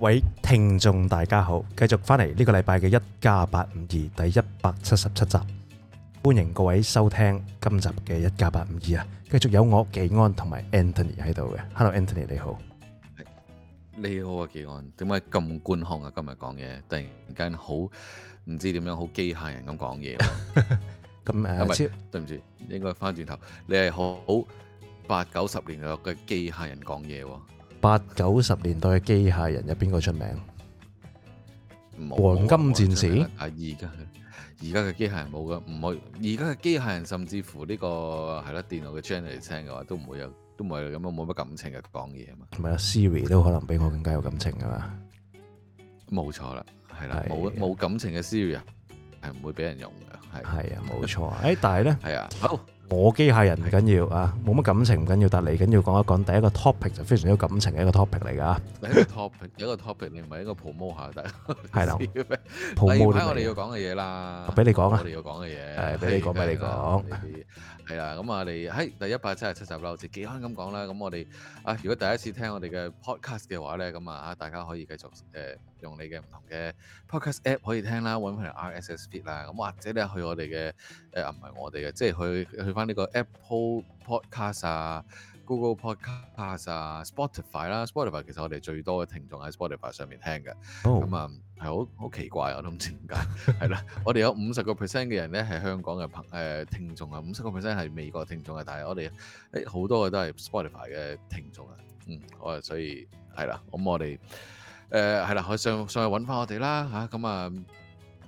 各位聽眾大家好，繼續翻嚟呢個禮拜嘅一家八五二第一百七十七集，歡迎各位收聽今集嘅一家八五二啊！繼續有我紀安同埋 Anthony 喺度嘅，Hello Anthony 你好，你好啊紀安，點解咁官腔啊？今日講嘢突然間好唔知點樣，好機械人咁講嘢，咁唔係，對唔住，應該翻轉頭，你係好八九十年代嘅機械人講嘢喎。八九十年代嘅機械人有邊個出名？黃金戰士啊，而家而家嘅機械人冇噶，唔可以。而家嘅機械人甚至乎呢個係啦，電腦嘅 Jenny 聽嘅話都唔會有，都唔係咁樣，冇乜感情嘅講嘢嘛。唔係啊，Siri 都可能比我更加有感情噶嘛。冇錯啦，係啦，冇冇感情嘅 Siri 啊，係唔會俾人用噶。係係啊，冇錯啊。誒，但係咧，係啊，好。我機械人唔緊要啊，冇乜感情唔緊要，但嚟緊要講一講。第一個 topic 就非常有感情嘅一個 topic 嚟㗎。第一個 topic，一個 topic，你唔係一個 promo 下得？係啦，promo 係我哋要講嘅嘢啦。俾你講啊！我哋要講嘅嘢，係俾你講，俾你講。係啊，咁啊，我哋喺第一百七十七集啦，好似幾番咁講啦。咁我哋啊，如果第一次聽我哋嘅 podcast 嘅話咧，咁啊啊，大家可以繼續誒用你嘅唔同嘅 podcast app 可以聽啦，揾翻 RSS 啦，咁或者咧去我哋嘅。啊，唔係我哋嘅，即係去去翻呢個 Apple Podcast 啊、Google Podcast 啊、Spotify 啦，Spotify 其實我哋最多嘅聽眾喺 Spotify 上面聽嘅，咁啊係好好奇怪，我都唔知點解，係啦，我哋有五十個 percent 嘅人咧係香港嘅朋誒聽眾啊，五十個 percent 係美國嘅聽眾啊，但係我哋誒好多嘅都係 Spotify 嘅聽眾啊，嗯，我所以係啦，咁我哋誒係啦，去上上去搵翻我哋啦吓，咁啊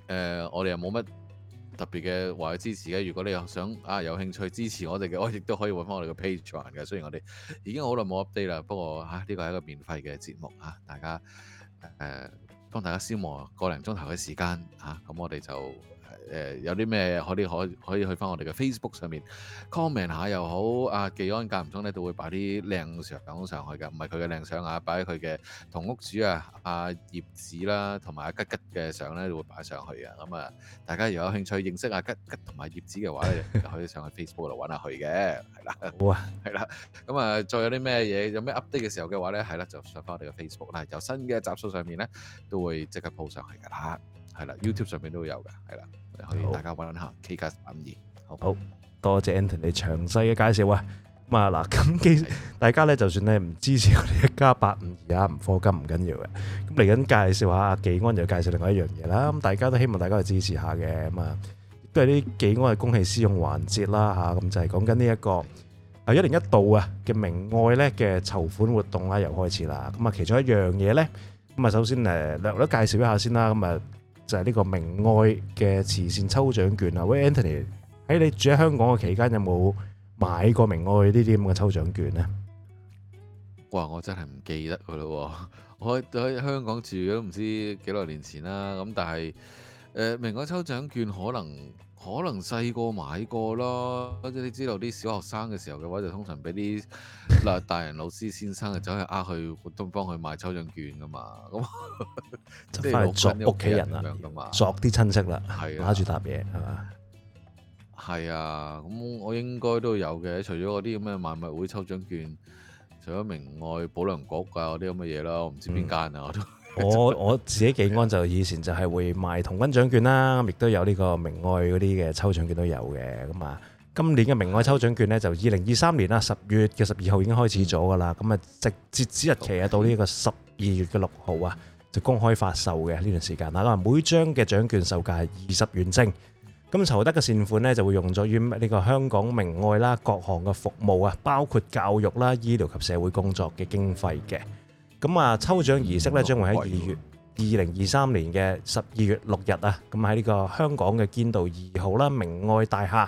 誒我哋又冇乜。特別嘅話去支持，如果你又想啊有興趣支持我哋嘅，我亦都可以揾翻我哋嘅 Patreon 嘅。雖然我哋已經好耐冇 update 啦，不過嚇呢個係一個免費嘅節目嚇、啊，大家誒、啊、幫大家消磨個零鐘頭嘅時間嚇，咁、啊嗯、我哋就。誒有啲咩可啲可可以去翻我哋嘅 Facebook 上面 comment 下又好，阿技安間唔中咧都會擺啲靚相上上去㗎，唔係佢嘅靚相啊，擺喺佢嘅同屋主啊阿葉子啦，同埋阿吉吉嘅相咧都會擺上去嘅，咁啊大家如果有興趣認識阿吉吉同埋葉子嘅話咧，就可以上去 Facebook 度揾下去嘅，係啦，好啊，係啦，咁啊再有啲咩嘢，有咩 update 嘅時候嘅話咧，係啦，就上翻我哋嘅 Facebook 啦，有新嘅集數上面咧都會即刻 po 上嚟㗎啦，係啦，YouTube 上面都會有㗎，係啦。去大家揾下 K 加五二，好多謝 Anton 你詳細嘅介紹啊！咁啊嗱，咁其實大家咧就算咧唔支持我哋一加八五二啊，唔科金唔緊要嘅。咁嚟緊介紹下阿紀安就介紹另外一樣嘢啦。咁大家都希望大家去支持下嘅，咁啊，都係呢紀安嘅公器私用環節啦，吓咁就係講緊呢一個係一年一度啊嘅明愛咧嘅籌款活動啦，又開始啦。咁啊，其中一樣嘢咧，咁啊，首先誒略略介紹一下先啦，咁啊。就係呢個明愛嘅慈善抽獎券啊！喂，Anthony，喺你住喺香港嘅期間有冇買過明愛呢啲咁嘅抽獎券咧？哇！我真係唔記得佢咯，我喺香港住咗唔知幾耐年前啦。咁但係誒，明愛抽獎券可能。可能細個買過啦，即係你知道啲小學生嘅時候嘅話，就通常俾啲嗱大人老師先生啊，走去呃佢，同 幫佢買抽獎券噶嘛，咁就翻回 作屋企人咁、啊、啦，作啲親戚啦，拿住搭嘢係嘛？係啊，咁、啊、我應該都有嘅，除咗嗰啲咁嘅賣物會抽獎券，除咗明愛、保良局啊嗰啲咁嘅嘢啦，我唔知邊間啊我都。嗯 我我自己幾安，就以前就係會賣童軍獎券啦，亦都有呢個明愛嗰啲嘅抽獎券都有嘅。咁啊，今年嘅明愛抽獎券呢，就2023年啦，10月嘅十二號已經開始咗㗎喇。咁啊，截止日期啊，到呢個十二月嘅六號啊，就公開發售嘅呢段時間。嗱，每張嘅獎券售價係 20元正。咁籌得嘅善款呢，就會用咗於呢個香港明愛啦，各項嘅服務啊，包括教育啦、醫療及社會工作嘅經費嘅。咁啊，抽獎儀式咧將會喺二月二零二三年嘅十二月六日啊，咁喺呢個香港嘅堅道二號啦，明愛大廈，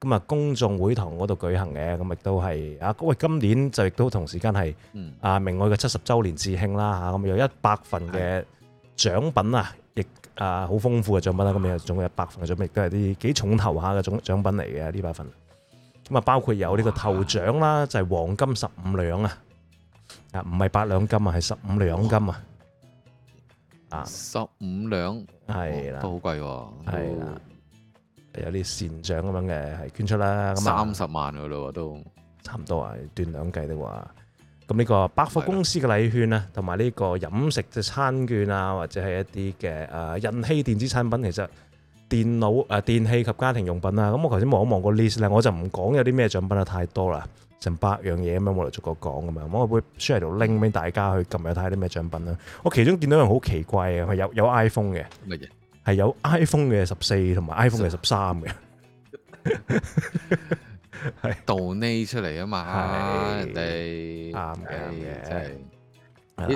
咁啊，公眾會堂嗰度舉行嘅，咁亦都係啊，喂，今年就亦都同時間係啊明愛嘅七十週年致慶啦嚇，咁有一百份嘅獎品啊，亦啊好豐富嘅獎品啦，咁啊總共一百份嘅獎品，亦都係啲幾重頭下嘅獎獎品嚟嘅呢百份，咁啊包括有呢個頭獎啦，就係黃金十五兩啊！啊，唔係八兩金啊，係十五兩金啊！啊，十五兩，係啦，都好貴喎，係啦，有啲善長咁樣嘅，係捐出啦。三十萬噶咯喎，都差唔多啊，斷兩計的話。咁呢個百貨公司嘅禮券啊，同埋呢個飲食嘅餐券啊，或者係一啲嘅誒人氣電子產品，其實電腦、誒電器及家庭用品啊。咁我頭先望一望個 list 咧，我就唔講有啲咩獎品啦，太多啦。成百樣嘢咁樣，我嚟逐個講咁樣，我會 share 喺度拎俾大家去撳入睇下啲咩獎品啦。我其中見到樣好奇怪嘅，係有有 iPhone 嘅，乜嘢係有 iPhone 嘅十四同埋 iPhone 嘅十三嘅，係盜呢出嚟啊嘛，係人哋啱嘅，真係。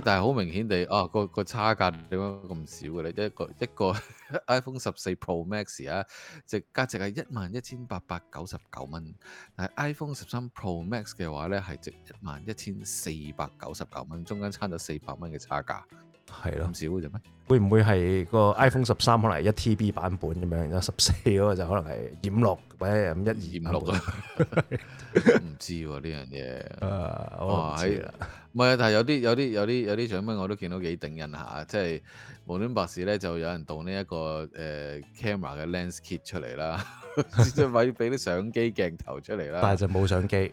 但係好明顯地，啊、個、個差價點解咁少嘅咧？一個一個，一個 iPhone 十四 Pro Max 啊，值價值係一萬一千八百九十九蚊。但係 iPhone 十三 Pro Max 嘅話咧，係值一萬一千四百九十九蚊，中間差咗四百蚊嘅差價，係囉，咁少嘅啫咩？會唔會係個 iPhone 十三可能係一 TB 版本咁樣、啊，而十四嗰個就可能係五六或者五一二五六啦？唔知喎呢樣嘢。1, 啊，我係 唔係啊，但係有啲有啲有啲有啲獎品我都見到幾頂癮下，即係無端白事咧就有人盪呢一個、呃、camera 嘅 lens kit 出嚟啦，即係咪俾啲相機鏡頭出嚟啦？ 但係就冇相機，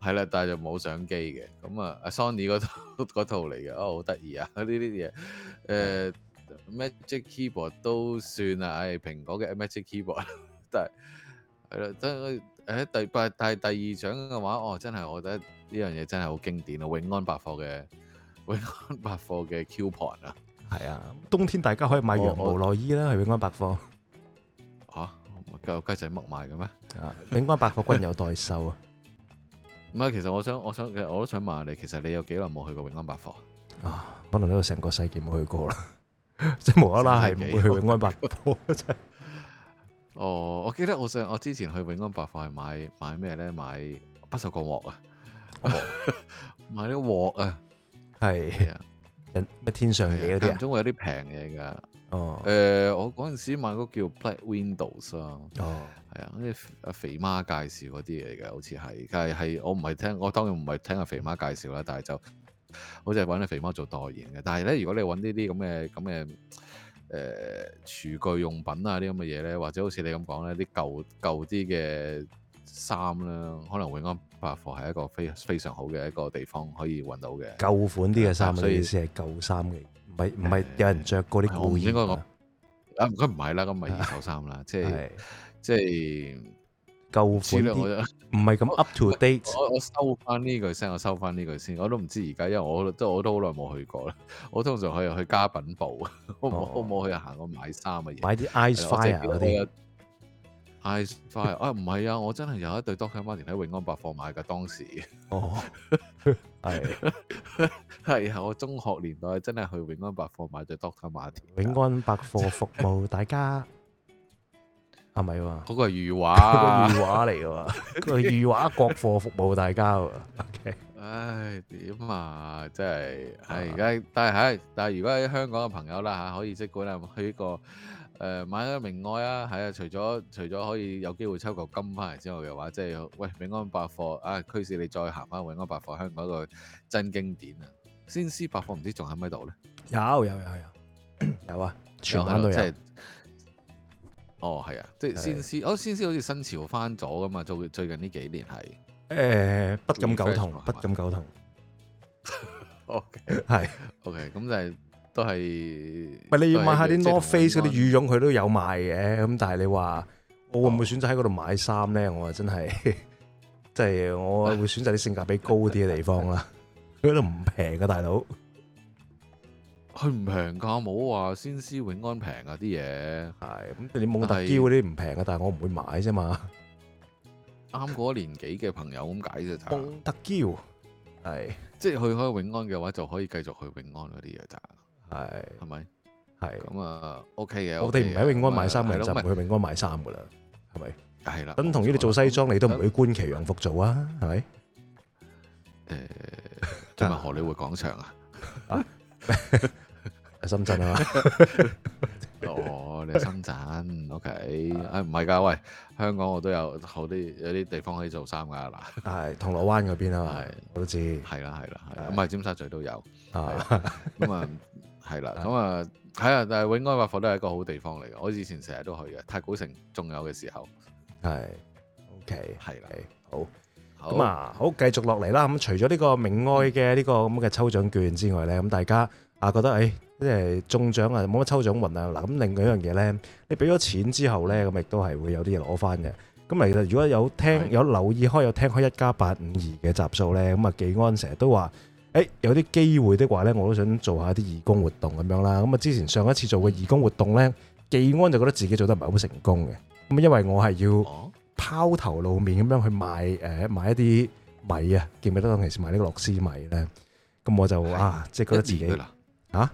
係 啦，但係就冇相機嘅。咁啊，Sony 嗰套嚟嘅， 哦，好得意啊！呢啲嘢，誒、呃、magic keyboard 都算啊，誒、哎、蘋果嘅 magic keyboard 都 係係啦，第八，但係第，第二獎嘅話，哦，真係我覺得。呢樣嘢真係好經典啊！永安百貨嘅永安百貨嘅 coupon 啊，係啊，冬天大家可以買羊毛內衣啦，喺、哦、永安百貨。吓、啊，教育雞仔黐埋嘅咩？啊，永安百貨均有代售啊。唔係， 其實我想，我想，我都想問下你，其實你有幾耐冇去過永安百貨啊？可能呢個成個世紀冇去過啦， 即係無啦啦係唔會去永安百貨。哦，我記得我想我之前去永安百貨係買買咩咧？買不銹鋼鑊啊！鑊買啲鑊啊，係是啊，咩天上嘢、嗰啲啊，點會有啲平嘢㗎？哦，誒、呃，我嗰陣時買嗰叫 Black Windows 啊。哦，係啊，啲肥媽介紹嗰啲嘢嘅，好似係，但係係我唔係聽，我當然唔係聽阿肥媽介紹啦，但係就，好似係搵阿肥媽做代言嘅。但係咧，如果你搵呢啲咁嘅咁嘅誒廚具用品啊，啲咁嘅嘢咧，或者好似你咁講咧，啲舊舊啲嘅衫啦，可能會啱。百貨係一個非非常好嘅一個地方，可以揾到嘅舊款啲嘅衫，所以先係舊衫嘅，唔係唔係有人着過啲舊衣。唔應該講，啊唔該唔係啦，咁咪二手衫啦，即係即係舊款啲，唔係咁 up to date。我我收翻呢句先，我收翻呢句先，我都唔知而家，因為我都我都好耐冇去過啦。我通常去去家品部，我冇我冇去行過買衫嘅嘢。Eyes fire！High five 啊，唔係 I、哎、啊，我真係有一對 Doctor Marten 喺永安百貨買噶，當時哦，係啊， 我中學年代真係去永安百貨買對 Doctor Marten。永安百貨服務大家，係咪喎？嗰個係裕華裕華嚟嘅喎， 個裕華國貨服務大家喎。O K，唉，點啊，真係係而家，但係係但係如果喺香港嘅朋友啦嚇、啊，可以即管去呢個。誒買咗明愛啊，係啊！除咗除咗可以有機會抽個金翻嚟之後嘅話，即係喂永安百貨啊，驅使你再行翻永安百貨，香港一個真經典啊！先施百貨唔知仲喺唔喺度咧？有有有有有啊！全香港即係哦，係啊！即係、啊哦、先施，哦先施好似新潮翻咗噶嘛？做最近呢幾年係誒、呃、不敢苟同，嗎不敢苟同。O K 係 O K，咁就係、是。都係，唔係你要買下啲 North Face 啲羽絨佢都有賣嘅，咁但係你話我會唔會選擇喺嗰度買衫咧？我話真係即係我會選擇啲性價比高啲嘅地方啦。佢喺度唔平噶，大佬。佢唔平噶，冇話先施永安平啊啲嘢，係咁你蒙特嬌嗰啲唔平啊，但係我唔會買啫嘛。啱嗰年紀嘅朋友咁解啫。蒙特嬌係即係去開永安嘅話，就可以繼續去永安嗰啲嘢咋。係，係咪？係咁啊，OK 嘅。我哋唔喺永安買衫，咪就唔去永安買衫噶啦，係咪？係啦，等同於你做西裝，你都唔會觀奇洋服做啊，係咪？誒，做埋荷里活廣場啊？喺深圳啊？哦，你喺深圳，OK？啊，唔係噶，喂，香港我都有好啲有啲地方可以做衫噶嗱，但係銅鑼灣嗰邊啊，係，我都知，係啦係啦，唔係尖沙咀都有，啊，咁啊。係啦，咁啊，係啊，但係永安百貨都係一個好地方嚟嘅，我以前成日都去嘅。太古城仲有嘅時候，係，OK，係啦的，okay, 好，咁好啊，好，繼續落嚟啦。咁除咗呢個明愛嘅呢個咁嘅抽獎券之外呢，咁大家啊覺得誒，即、哎、係中獎啊冇乜抽獎運啊嗱。咁另外一樣嘢呢，你俾咗錢之後呢，咁亦都係會有啲嘢攞翻嘅。咁其實如果有聽的有留意開有聽開一加八五二嘅集數呢，咁啊紀安成日都話。誒有啲機會的話咧，我都想做一下啲義工活動咁樣啦。咁啊，之前上一次做嘅義工活動咧，記安就覺得自己做得唔係好成功嘅。咁因為我係要拋頭露面咁樣去賣誒買一啲米啊，記唔記得當時買呢個樂施米咧？咁我就是啊，即係覺得自己嚇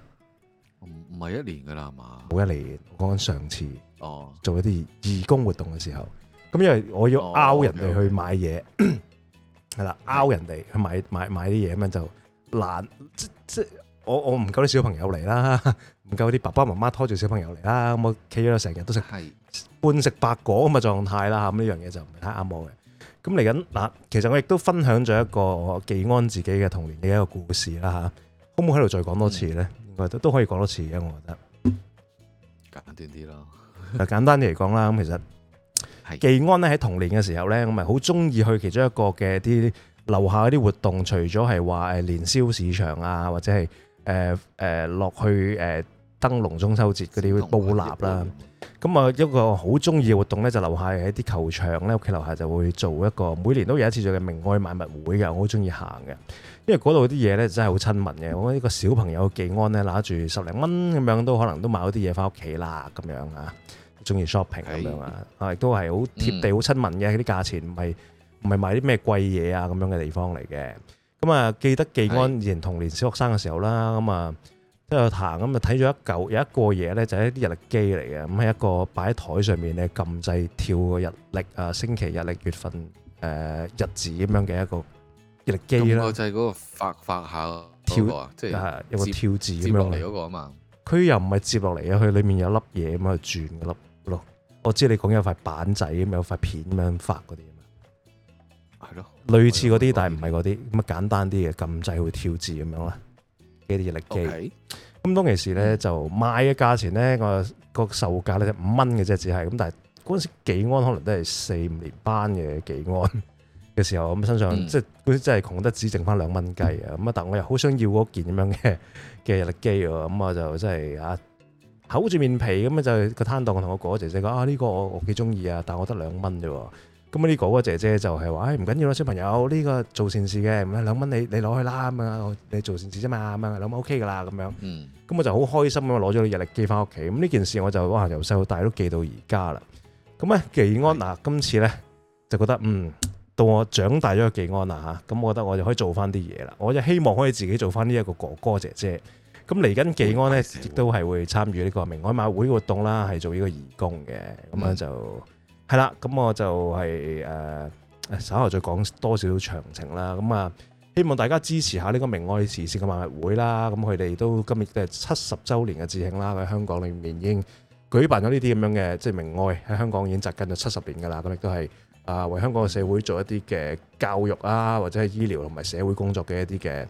唔唔係一年嘅啦，係嘛、啊？冇一,一年，講緊上次哦，做一啲義工活動嘅時候，咁因為我要拗人哋去買嘢係啦，拗、oh, okay , okay. 人哋去買買買啲嘢咁樣就。難即即我我唔夠啲小朋友嚟啦，唔夠啲爸爸媽媽拖住小朋友嚟啦，咁我企咗度成日都食，是半食白果咁嘅狀態啦吓，咁呢樣嘢就唔係太啱我嘅。咁嚟緊嗱，其實我亦都分享咗一個紀安自己嘅童年嘅一個故事啦吓、啊，可唔可以喺度再講多次咧？應該都、嗯、都可以講多次嘅，我覺得。簡, 簡單啲咯，誒，簡單啲嚟講啦。咁其實紀是安咧喺童年嘅時候咧，我咪好中意去其中一個嘅啲。樓下嗰啲活動，除咗係話誒年宵市場啊，或者係誒誒落去誒、呃、燈籠中秋節嗰啲佈置啦。咁啊 一個好中意嘅活動咧，就樓下喺啲球場咧，屋企樓下就會做一個，每年都有一次嘅明愛賣物會嘅，我好中意行嘅，因為嗰度啲嘢咧真係好親民嘅。 我覺得呢個小朋友寄安呢，拿住十零蚊咁樣都可能都買到啲嘢翻屋企啦，咁樣啊，中意 shopping 咁樣啊，亦都係好貼地、好親民嘅，啲價錢唔係。唔係買啲咩貴嘢啊咁樣嘅地方嚟嘅。咁啊，記得記安以童年小學生嘅時候啦，咁啊的，都有彈咁啊睇咗一嚿有一個嘢咧，就係、是、一啲日曆機嚟嘅。咁係一個擺喺台上面咧，撳掣跳個日曆，啊、星期日曆、月份誒、呃、日子咁樣嘅一個日曆機啦。咁個掣嗰個發發下跳啊，跳即係有個跳字咁樣嚟嗰啊嘛。佢又唔係接落嚟啊，佢裏面有粒嘢咁樣轉嗰粒咯。我知你講有塊板仔咁有塊片咁樣發嗰啲。類似嗰啲，但係唔係嗰啲咁啊簡單啲嘅，撳掣會跳字咁樣啦，啲日曆機。咁 Okay. 當其時咧，就賣嘅價錢咧，個個售價咧五蚊嘅啫，只係咁。但係嗰陣時幾安可能都係四五年班嘅幾安嘅時候，咁身上即係佢真係窮得只剩翻兩蚊雞啊！咁啊，但係我又好想要嗰件咁樣嘅嘅日曆機喎，咁我就真係啊厚住面皮咁啊，就個攤檔同我個姐姐講啊，呢個我我幾中意啊，但我得兩蚊啫喎。咁啊！呢個哥哥姐姐就係話，誒、哎、唔緊要啦，小朋友，呢、這個做善事嘅，兩蚊你你攞去啦，咁啊，你做善事啫嘛，咁兩蚊 OK 噶啦，咁樣。咁、嗯、我就好開心咁啊，攞咗日曆寄翻屋企。咁呢件事我就哇，由細到大都記到而家啦。咁啊，記安嗱，是今次咧就覺得，嗯，到我長大咗嘅記安啦嚇，咁、嗯啊、我覺得我就可以做翻啲嘢啦。我就希望可以自己做翻呢一個哥哥姐姐。咁嚟緊記安咧，亦都係會參與呢個明愛馬會活動啦，係做呢個義工嘅。咁啊就～、嗯係啦，咁我就係誒稍後再講多少少詳情啦。咁啊，希望大家支持下呢個明愛慈善嘅賣物會啦。咁佢哋都今日都係七十週年嘅致慶啦。喺香港裏面已經舉辦咗呢啲咁樣嘅，即係明愛喺香港已經扎根咗七十年噶啦。咁亦都係啊為香港嘅社會做一啲嘅教育啊，或者係醫療同埋社會工作嘅一啲嘅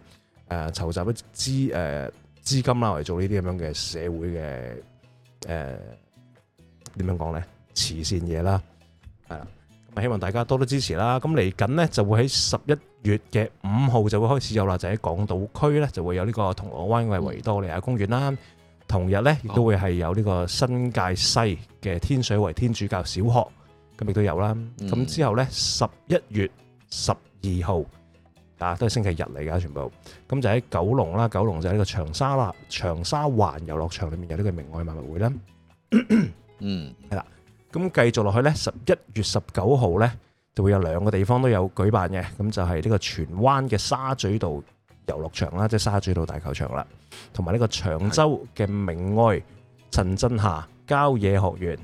誒籌集一啲資誒資金啦，嚟做呢啲咁樣嘅社會嘅誒點樣講咧？慈善嘢啦，係啦，咁希望大家多多支持啦。咁嚟緊呢，就會喺十一月嘅五號就會開始有啦，就喺港島區呢，就會有呢個銅鑼灣嘅維多利亞公園啦。同日呢，亦都、哦、會係有呢個新界西嘅天水圍天主教小學咁亦都有啦。咁、嗯、之後呢，十一月十二號啊，都係星期日嚟噶，全部咁就喺九龍啦。九龍就喺呢個長沙啦，長沙環遊樂場裏面有呢個明愛賣物會啦。嗯，係啦。咁繼續落去呢，十一月十九號呢，就會有兩個地方都有舉辦嘅，咁就係呢個荃灣嘅沙咀道遊樂場啦，即係沙咀道大球場啦，同埋呢個長洲嘅明愛陳振霞郊野學園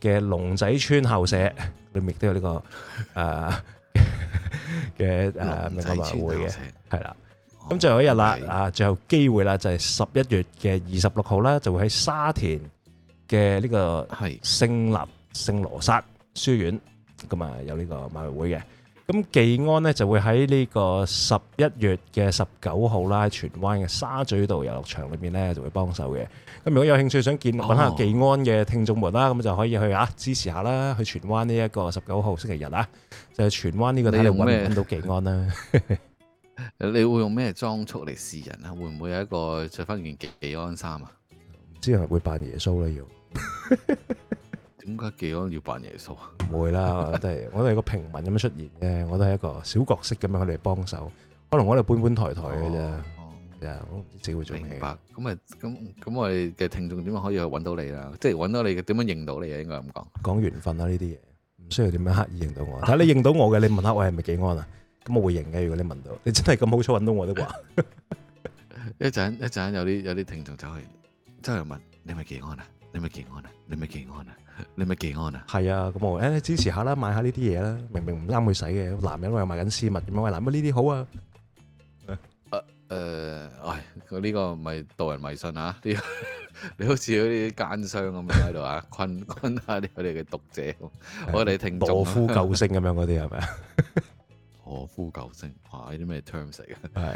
嘅龍仔村校舍裏面都有呢個誒嘅誒明愛會嘅，係啦。咁最後一日啦，啊，最後機會啦，就係十一月嘅二十六號啦，就會喺沙田嘅呢個係聖立聖羅沙書院，咁啊有呢個賣物會嘅，咁紀安呢就會喺呢個十一月嘅十九號啦，荃灣嘅沙咀道遊樂場裏面呢就會幫手嘅。咁如果有興趣想見搵下紀安嘅聽眾們啦，咁、哦、就可以去啊支持下啦，去荃灣呢一個十九號星期日啊，就係荃灣呢個睇嚟搵到紀安啦、啊。 你會用咩裝束嚟示人啊？會唔會有一個着翻件紀安衫啊？唔知係會扮耶穌啦要。點解紀安要扮耶穌啊？唔會啦，我哋我哋個平民咁樣出現嘅。我都係一個小角色咁樣，去嚟幫手，可能我哋搬搬抬抬嘅啫。哦，社會做嘢。明白。咁啊，咁咁我哋嘅聽眾點樣可以去搵到你啦？即係搵到你，點樣認到你啊？應該咁講。講緣分啦，呢啲嘢唔需要點樣刻意認到我。但係你認到我嘅，你問下我係咪紀安啊？咁我會認嘅。如果你問到，你真係咁好彩搵到我都話。 一陣一陣有啲有啲聽眾走去，真係問，你係咪紀安啊？你咪寄安啊！你咪寄安啊！你咪寄安啊！係啊，咁我誒支持下啦，買下呢啲嘢啦。明明唔啱佢使嘅男人，我又買緊私物咁啊！嗱，咁呢啲好啊。誒誒，喂，佢呢個唔係導人迷信啊？你你好似嗰啲奸商咁樣喺度啊，困困下我哋嘅讀者，我哋聽眾，羅夫救星咁樣嗰啲係咪啊？我、哦、呼救星，哇！啲咩 terms 嚟嘅？係，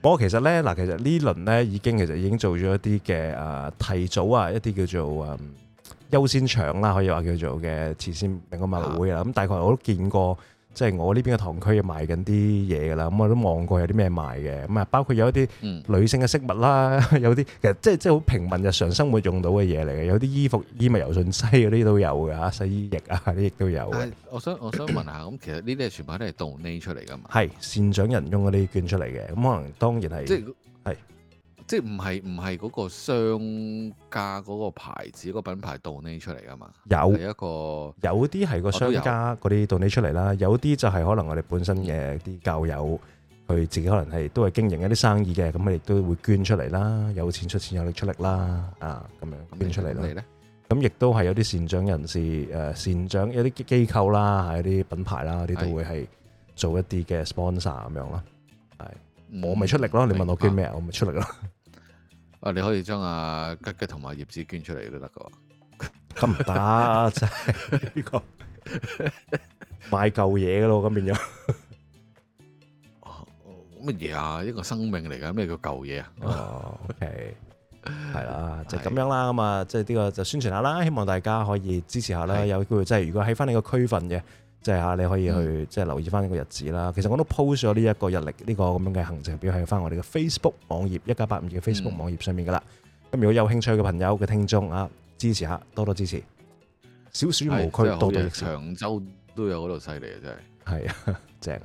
不過其實咧，嗱，其實輪呢輪咧已經其實已經做咗一啲嘅誒提早啊，一啲叫做誒、嗯、優先場啦，可以話叫做嘅，事先定個物業會啦。咁大概我都見過。即係我呢邊嘅堂區賣緊啲嘢噶啦，咁我都望過有啲咩賣嘅，咁啊包括有一啲女性嘅飾物啦，嗯、 有啲其實即係即係好平民日常生活用到嘅嘢嚟嘅，有啲衣服、衣物、柔順劑嗰啲都有噶，洗衣液啊啲亦都有、哎。我想我想問下，咁 其實呢啲係全部都係 donate 出嚟噶嘛？係善長仁翁嗰啲捐出嚟嘅，咁可能當然係係。即係即係唔係唔係嗰個商家嗰個牌子、個品牌盜呢出嚟㗎嘛？有一個有啲係個商家嗰啲盜呢出嚟啦，有啲就係可能我哋本身嘅啲教友佢自己可能係都係經營一啲生意嘅，咁佢亦都會捐出嚟啦，有錢出錢，有力出力啦，啊咁樣捐出嚟啦。我咁亦都係有啲善長人士誒善長有啲機構啦，係一啲品牌啦，啲都會係做一啲嘅 sponsor 咁樣咯。係的的我咪出力咯？你問我捐咩、嗯、我咪出力咯。啊！你可以將阿吉吉同埋葉子捐出嚟都得噶，咁唔得，即係呢個買舊嘢噶咯咁變咗。哦，乜嘢啊？一個生命嚟噶，咩叫舊嘢啊？哦、 oh,，OK，係 啦，就咁、是、樣啦。咁啊， 即係呢個就宣傳下啦，希望大家可以支持下啦。的有機會即係、就是、如果喺翻你個區份嘅。即係吓，你可以去即係留意翻呢個日子啦。嗯、其實我都 post 咗呢一個日曆，呢、這個咁樣嘅行程表喺翻我哋嘅 Facebook 網頁一家八五二嘅 Facebook 網頁上面噶啦。咁、嗯、如果有興趣嘅朋友嘅聽眾啊，支持下，多多支持。少少無拘，多多益善。長洲都有嗰度犀利啊！真係。係啊，正啊！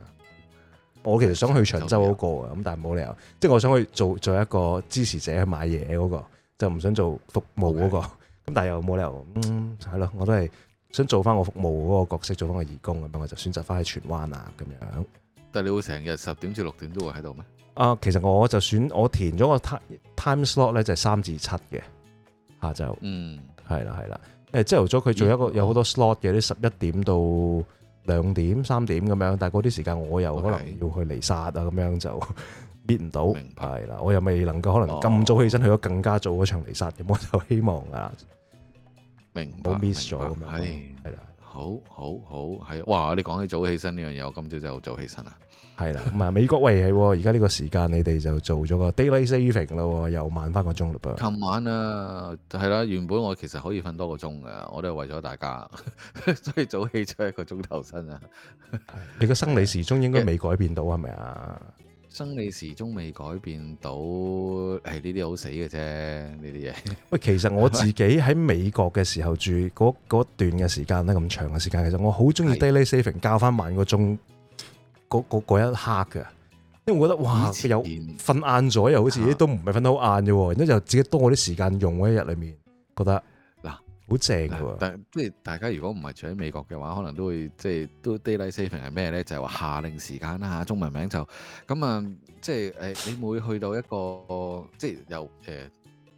我其實想去長洲嗰、那個啊，咁但係冇理由，即係我想去做做一個支持者去買嘢嗰、那個，就唔想做服務嗰、那個。咁 Okay. 但係又冇理由，嗯，係咯，我都係。想做翻我服務嗰個角色，做翻個義工咁樣，我就選擇翻去荃灣啊，咁樣。但係你會成日十點至六點都會喺度咩？啊，其實我就選我填咗個 time time slot 咧，就係三至七嘅下晝就。嗯，係啦係啦。誒，朝頭早佢做一個有好多 slot 嘅啲十一點到兩點、三點咁樣，但係嗰啲時間我又可能要去離沙啊，咁 Okay. 樣就搣唔到。明係白啦，我又未能夠可能咁早起身去咗更加早嗰場離沙，咁、oh. 我就希望啊。明白，冇 miss 咗，係，係啦，好，好，好，係，哇，你講起早起身呢樣嘢，我今朝就早起身啦，啊，係啦的，唔係 美國喂，而家呢個時間你哋就做咗個 daily saving 咯，又慢翻個鐘嘞噃，琴晚啊，係啦，原本我其實可以瞓多個鐘噶，我都係為咗大家， 所以早起咗一個鐘頭身啊， 你個生理時鐘應該未改變到係咪啊？嗯生理時鐘未改變到係呢啲好死嘅啫，呢啲嘢。喂，其實我自己喺美國嘅時候住嗰段嘅時間咧，咁長嘅時間，其實我好中意 daily saving 交翻慢個鐘嗰一刻嘅，因為我覺得哇，有瞓晏咗又好似都唔係瞓得好晏嘅喎，然之後又自己多嗰啲時間用喺一日裡面，覺得。好正㗎喎！但係即係大家如果唔係住喺美國嘅話，可能都會即係都 daylight saving 係咩咧？就係話夏令時間啦嚇，中文名就咁啊！即係誒、欸，你每去到一個即係又誒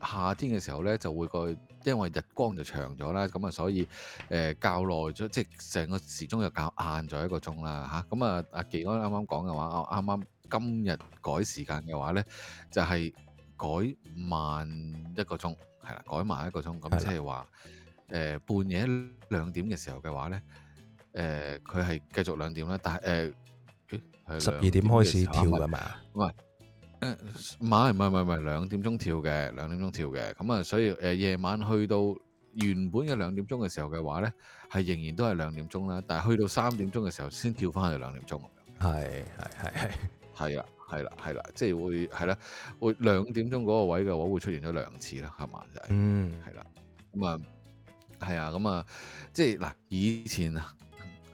夏天嘅時候咧，就會個因為日光就長咗啦，咁啊所以誒、呃、較耐咗，即係成個時鐘又較晏咗一個鐘啦嚇。咁啊，阿傑哥啱啱講嘅話，我啱啱今日改時間嘅話咧，就係、是、改慢一個鐘，係啦，改慢一個鐘，咁即係話，誒半夜兩點嘅時候嘅話咧，誒佢係繼續兩點啦，但係誒十二點開始跳嘅嘛，唔係誒晚唔係唔係唔係兩點鐘跳嘅，兩點鐘跳嘅，咁啊所以誒夜晚去到原本嘅兩點鐘嘅時候嘅話咧，係仍然都係兩點鐘啦，但係去到三點鐘嘅時候先跳翻去兩點鐘，係係係係係啦係啦係啦，即係會係啦，會兩點鐘嗰個位嘅話會出現咗兩次啦，係嘛？嗯，係啦，咁啊。係啊，咁啊，即係嗱，以前啊，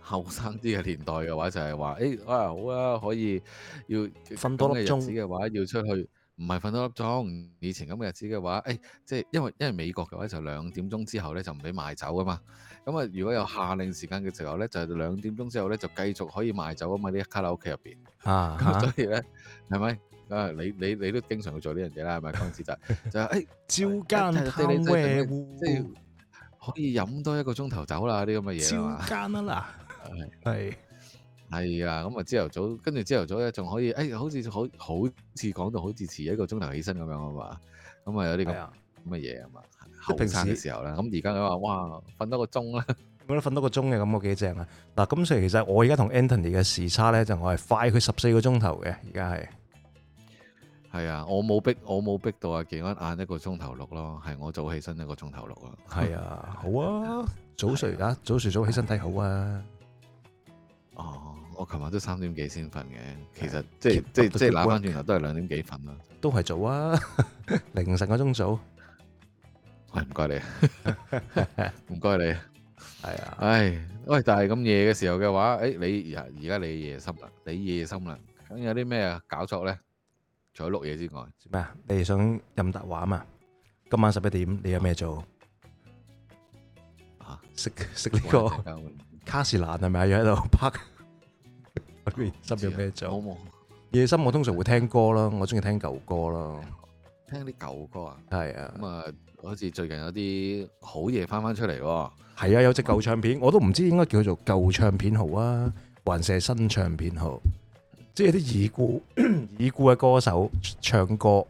後生啲嘅年代嘅話就係話，誒、哎、啊好啊，可以要瞓多粒鐘嘅話，要出去唔係瞓多粒鐘。以前咁嘅日子嘅話，誒、哎，即係因為因為美國嘅話就兩點鐘之後咧就唔俾賣酒噶嘛。咁啊，如果有夏令時間嘅時候咧，就兩點鐘之後咧就繼續可以賣酒啊嘛。啲卡拉 OK 入邊，咁、啊啊、所以咧係咪啊？你你你都經常去做呢樣嘢啦、就是，係咪康子澤？就係誒，朝間探威烏。可以飲多一個鐘頭酒啦，啲咁嘅嘢啊 是啊，嗱，係係啊，咁啊朝頭早，跟住朝頭早咧仲可以，哎好似好好似講到好似遲一個鐘頭起身咁樣，好、這個、啊嘛，咁啊有啲咁咁嘅嘢啊嘛，平後生嘅時候咧，咁而家佢話哇，瞓多，多個鐘啦，咁啊瞓多個鐘嘅咁我幾正啊！嗱，咁所以其實我而家同 Anthony 嘅時差咧，就我係快佢十四個鐘頭嘅，而家係。係啊，我冇逼，我冇逼到阿健哥晏一個鐘頭六咯，係我早起身一個鐘頭六啊。係啊，好啊，早睡啊，早睡早起身體好啊。哦，我琴日都三點幾先瞓嘅，其實即係即係即係攬翻轉頭都係兩點幾瞓咯，都係早啊，凌晨個鐘早。係唔該你，唔該你，係啊，唉，喂，但係咁夜嘅時候嘅話，誒，你而而家你夜深啦，你夜深啦，咁有啲咩啊搞作咧？除咗錄嘢之外，咩啊？你哋想任達華啊嘛？今晚十一點，你有咩做啊？識識呢個哇卡士蘭係咪要喺度拍？夜深有咩做好冇？夜深我通常會聽歌囉，我中意聽舊歌囉，的聽啲舊歌啊。係啊的，咁啊，好似最近有啲好嘢翻翻出嚟喎。係啊，有隻舊唱片，我都唔知應該叫做舊唱片好啊，還是新唱片好？即係啲已故已故嘅歌手唱歌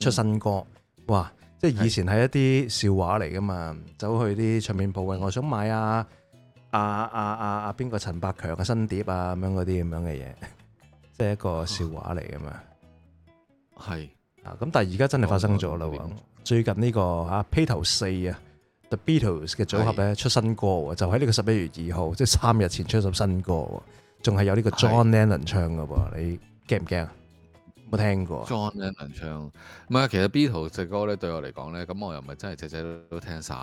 出新歌，哇！即係以前係一啲笑話嚟噶嘛，走去啲唱片鋪，喂，我想買啊,啊啊啊啊啊邊個陳百強嘅新碟啊咁樣嗰啲咁樣嘅嘢，即係一個笑話嚟噶嘛。係啊，咁但係而家真係發生咗啦喎！哦、最近呢、這個啊披頭四啊 The Beatles 嘅組合呢是出新歌，就喺呢個十一月二號，即係三日前出咗新歌。仲係有呢個 John Lennon 唱嘅噃，的你驚唔驚啊？冇聽過 John Lennon 唱，唔係啊。其實 Beatles 隻歌咧對我嚟講咧，咁我又唔係真係隻隻都聽晒，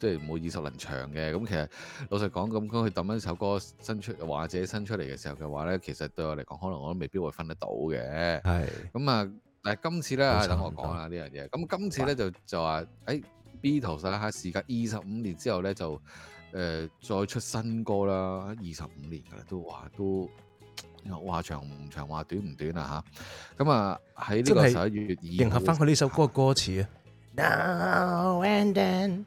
即係冇二十能長嘅。咁其實老實講，咁佢抌一首歌新出，或者新出嚟嘅時候嘅話咧，其實對我嚟講，可能我都未必會分得到嘅。係的。咁啊，但係今次咧，等我講下呢樣嘢。咁今次咧就就話，誒 Beatles 曬下時隔二十五年之後咧就。誒、呃、再出新歌啦，二十五年噶啦，都話都話長唔長話短唔短啦、啊、吓，咁啊喺呢個十一月二迎合翻佢呢首歌嘅歌詞啊，啊。Now and then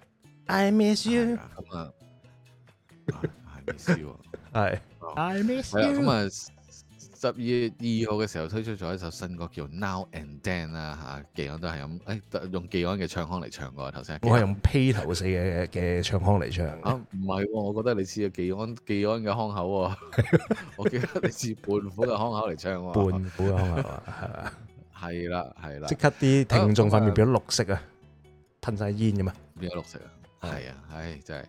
I miss you、哎。咁 miss you。係。I miss you。咁啊。十二月二號嘅時候推出咗一首新歌叫 Now and Then 啦，哈，技安都係咁，誒，用技安嘅唱腔嚟唱過，頭先我係用披頭四嘅嘅唱腔嚟唱啊，唔係、啊，我覺得你似個技安技安嘅腔口喎、啊， 我記得你似、啊、胖虎嘅腔口嚟唱喎，胖虎嘅腔口係嘛？係啦係啦，即、啊啊啊、刻啲聽眾塊面變咗綠色，了了綠色啊，噴晒煙咁嘛，變咗綠色啊，係啊，唉真係。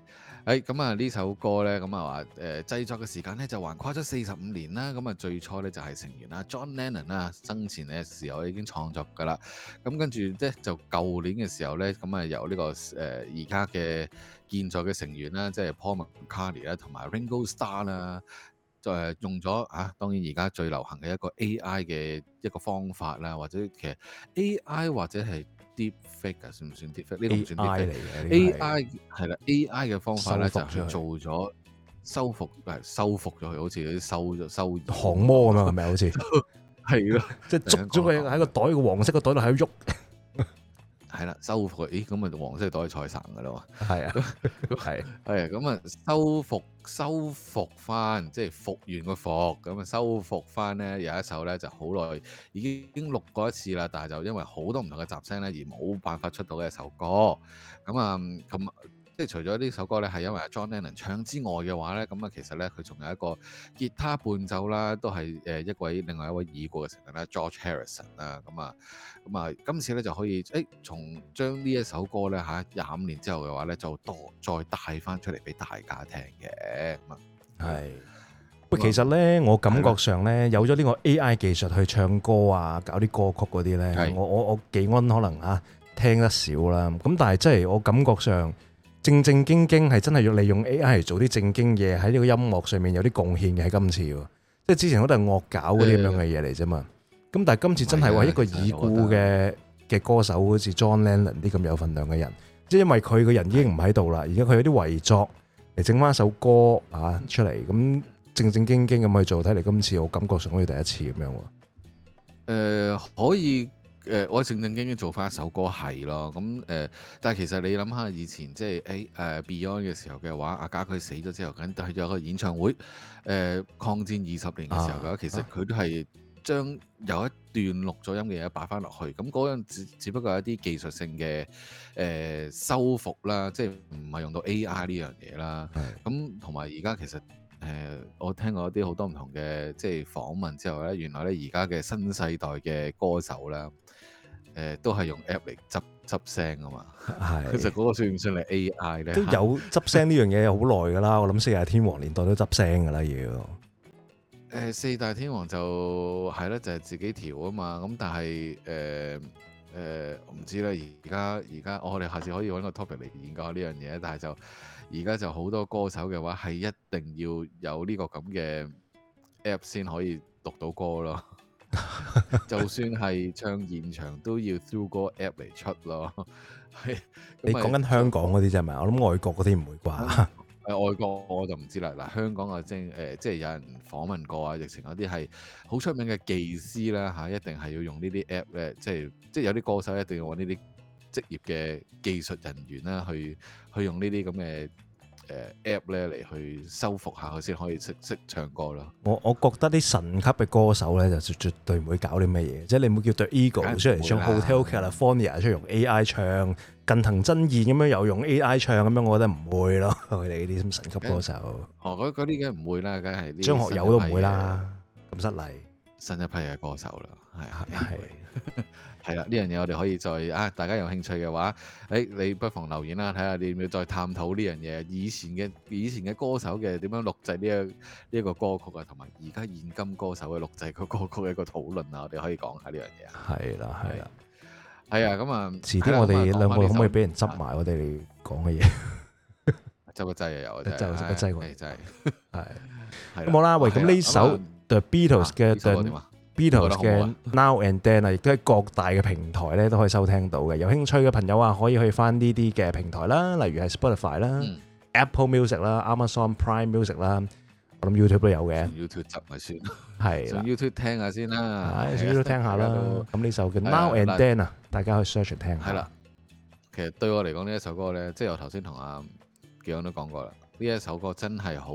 係咁啊！呢首歌咧，咁啊話誒製作嘅時間咧就橫跨咗四十五年啦。咁啊最初咧就係成員啦 John Lennon 啊啦，生前嘅時候已經創作㗎啦。咁跟住咧就舊年嘅時候咧，咁啊由呢個誒而家嘅現在嘅成員啦，即係 Paul McCartney 啦同埋 Ringo Starr 啦，就係用咗啊當然而家最流行嘅一個 AI 嘅一個方法啦，或者其實 AI 或者係。啲 fake 啊算唔算，算？啲 fake 呢啲唔算啲 fake 嚟嘅。AI 係啦的，AI 嘅方法咧就做咗修復，係修復咗佢，好似嗰啲修咗修降魔咁啊？係咪好似係咯？即係 捉咗佢喺個袋個 黃色個袋度喺度喐。係啦，修復，咦，咁啊黃色袋當係賽神㗎喇喎，係啊，係， 係、嗯，咁啊修復，修復返，即係復原個復，咁、嗯、啊修復返咧有一首咧就好耐已經錄過一次啦，但係就因為好多唔同嘅雜聲咧而冇辦法出到嘅一首歌，咁、嗯、啊，咁、嗯。嗯即係除咗呢首歌咧，係因為阿 John Lennon 唱之外嘅話咧，咁啊，其實咧佢仲有一個吉他伴奏啦，都係誒一位另外一位已故嘅成員啦，George Harrison 啦。咁啊，咁啊，今次咧就可以誒，從將呢一首歌咧嚇廿五年之後嘅話咧，就多再帶翻出嚟俾大家聽嘅咁啊，係是。不過麼其實咧，我感覺上咧，的有咗呢個 AI 技術去唱歌啊，搞啲歌曲嗰啲咧，我我我幾安可能嚇、啊、聽得少啦。咁但係即係我感覺上。正正經經係真係要利用 AI 嚟做啲正經嘢，喺呢個音樂上面有啲貢獻嘅喺今次喎，即係之前嗰度係惡搞嗰啲咁樣嘅嘢嚟啫嘛，咁、呃、但係今次真係話一個已故嘅嘅歌手好似、呃、John Lennon 啲咁有份量嘅人，即係因為佢個人已經唔喺度啦，而家佢有啲遺作嚟整翻首歌嚇出嚟，咁正正經經咁去做，睇嚟今次我感覺上好似第一次咁樣喎、呃。可以。誒、呃，我正正經經做翻一首歌係咯，咁誒，但係其實你諗下，以前即係誒誒 Beyond 嘅時候嘅話，阿家駒死咗之後，咁去咗個演唱會，誒、呃、抗戰二十年嘅時候嘅話，其實佢都係將有一段錄咗音嘅嘢擺翻落去，咁嗰陣只只不過係一啲技術性嘅誒、呃、修復啦，即係唔係用到 AI 呢樣嘢啦，咁同埋而家其實誒、呃、我聽過一啲好多唔同嘅即係訪問之後咧，原來咧而家嘅新世代嘅歌手咧。誒都係用 app 嚟執執聲啊嘛，是其實嗰個算唔算係 AI 咧？都有執聲呢樣嘢，好耐噶啦。我諗四大天王年代都執聲噶啦，要誒、呃、四大天王就係咧，就係、是、自己調啊嘛。咁但係誒誒，我、呃、唔、呃、知咧。而家而家，我哋、哦、下次可以揾個 topic 嚟研究下呢樣嘢。但係就而家就好多歌手嘅話，係一定要有呢、這個咁嘅 app 先可以讀到歌咯。 就算係唱現場都要 through 個 app 嚟出咯，係、 嗯、你講緊香港嗰啲啫咪我諗外國嗰啲唔會啩，誒、嗯、外國我就唔知啦。嗱香港啊、就是，即係誒，即、就、係、是、有人訪問過啊，疫情嗰啲係好出名嘅技師啦吓、啊，一定係要用呢啲 app 咧、就是，即係即係有啲歌手一定要搵呢啲職業嘅技術人員啦、啊，去去用呢啲咁嘅。誒 app 咧嚟去修復下佢先可以識識唱歌咯。我我覺得啲神級嘅歌手咧就絕絕對唔會搞啲咩嘢，即係你唔會叫對 Eagle 出嚟唱 Hotel California，出嚟用 AI 唱對近藤真彥咁樣有用 AI 唱咁樣，我覺得唔會咯。佢哋呢啲咁神級歌手，哦，嗰嗰啲梗係唔會啦，梗係張學友都唔會啦，咁失禮，新一批嘅歌手啦，係係係。 係啦，呢樣嘢我哋可以再啊，大家有興趣嘅話，誒，你不妨留言啦，睇下你要再探討呢樣嘢。以前嘅以前嘅歌手嘅點樣錄製呢一呢一個歌曲啊，同埋而家現今歌手嘅錄製個歌曲嘅一個討論啊，我哋可以講下呢樣嘢。係啦，係啦，係啊，咁啊，遲啲我哋兩個可唔可以俾人執埋我哋講嘅嘢？執個掣又有，執個掣，真係，係，咁好啦。喂，咁呢首 The Beatles 嘅。Beatles 嘅 Now and Then 啊，亦都喺各大嘅平台咧都可以收聽到嘅。有興趣嘅朋友啊，可以去翻呢啲嘅平台啦，例如係 Spotify 啦、Apple Music 啦、Amazon Prime Music 啦，我諗 YouTube 都有嘅。YouTube 執咪算。係。上 YouTube 聽下先啦。上 YouTube 聽下啦。咁呢首嘅 Now and Then 啊，大家去 search 聽下。係啦。其實對我嚟講呢一首歌咧，即係我頭先同阿健都講過啦。呢一首歌真係好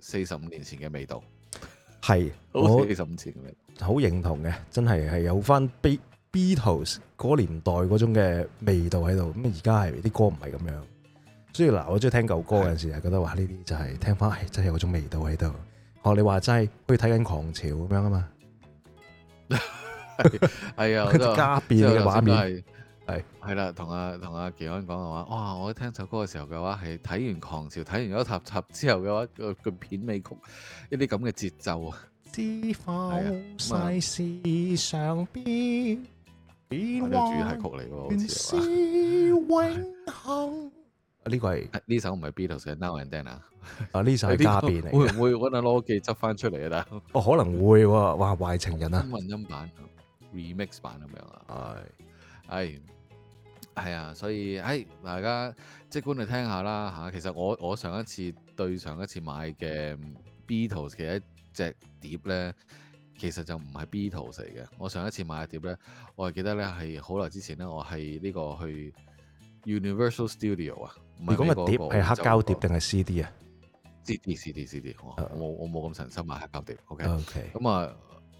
四十五年前嘅味道。係，我好認同嘅，真係係有翻 Beatles 嗰年代嗰種嘅味道喺度。咁而家係啲歌唔係咁樣，所以嗱，我中意聽舊歌嗰陣時，係的覺得話呢啲就係、是、聽翻，係、哎、真係有種味道喺度。我你話真係好似睇緊狂潮咁樣啊嘛，係啊，加變嘅畫面。係係啦，同阿同阿奇安講嘅話，哇！我一聽首歌嘅時候嘅話，係睇完狂潮，睇完咗塔集之後嘅話，個個片尾曲一啲咁嘅節奏啊。知否世事常變，變幻原是永恆。呢、 啊這個係呢、啊、首唔係 Beatles 嘅 Now and Then 啊，啊呢首係家變會唔會搵下邏輯執翻出嚟啊？大佬哦，可能會，哇！壞情人啊，混音版、Remix 版咁樣啊，係、嗯、係。嗯嗯嗯哎哎哎哎哎係啊，所以誒、哎，大家即管嚟聽，聽下啦嚇、啊。其實我我上一次對上一次買嘅 Beatles 嘅一隻碟咧，其實就唔係 Beatles 嚟嘅。我上一次買嘅碟咧，我係記得咧係好耐之前咧，我係呢個去 Universal Studio 啊。如果個碟係黑膠碟定係 CD 啊？CD、CD、CD，我我冇咁誠心買黑膠碟。OK，咁 Okay. 啊。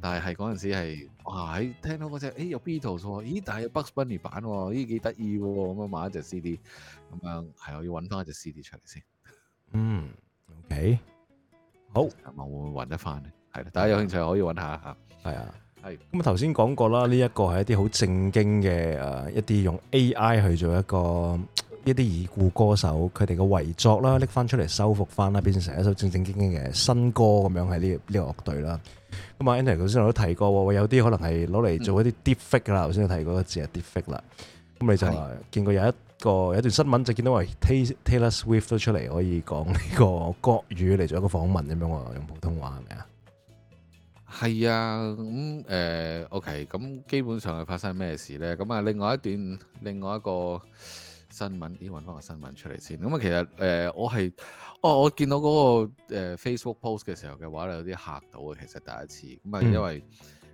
但係係嗰陣時係，哇！喺聽到嗰隻，哎有 Beatles 喎，咦！但係有 Bugs Bunny 版喎，咦，幾得意喎，咁樣買一隻 CD，咁樣係我要揾翻一隻 CD 出嚟先。嗯，OK，好，咁我會揾得翻咧，係啦，大家有興趣可以揾下嚇，係啊，係。咁啊頭先講過啦，呢一個係一啲好正經嘅誒，一啲用 AI 去做一個。一啲已故歌手佢哋嘅遺作啦，拎翻出嚟修復翻啦，變成成一首正正經經嘅新歌咁樣喺呢呢個樂隊啦。咁啊，Andy 頭先我都提過，有啲可能係攞嚟做一啲 deep fake 啦。頭先都提過個字係 deep fake 啦。咁你就見過有一個是有一段新聞就見到話 Taylor Swift 都出嚟可以講呢個國語嚟做一個訪問咁樣，我用普通話係咪啊？係、嗯、啊，咁、呃、誒，OK，咁基本上係發生咩事咧？咁啊，另外一段，另外一個。新聞，咦？搵返個新聞出嚟先。咁、嗯、啊，其實誒、呃，我係哦，我見到嗰、那個、呃、Facebook post 嘅時候嘅話，有啲嚇到啊。其實第一次，咁啊，因為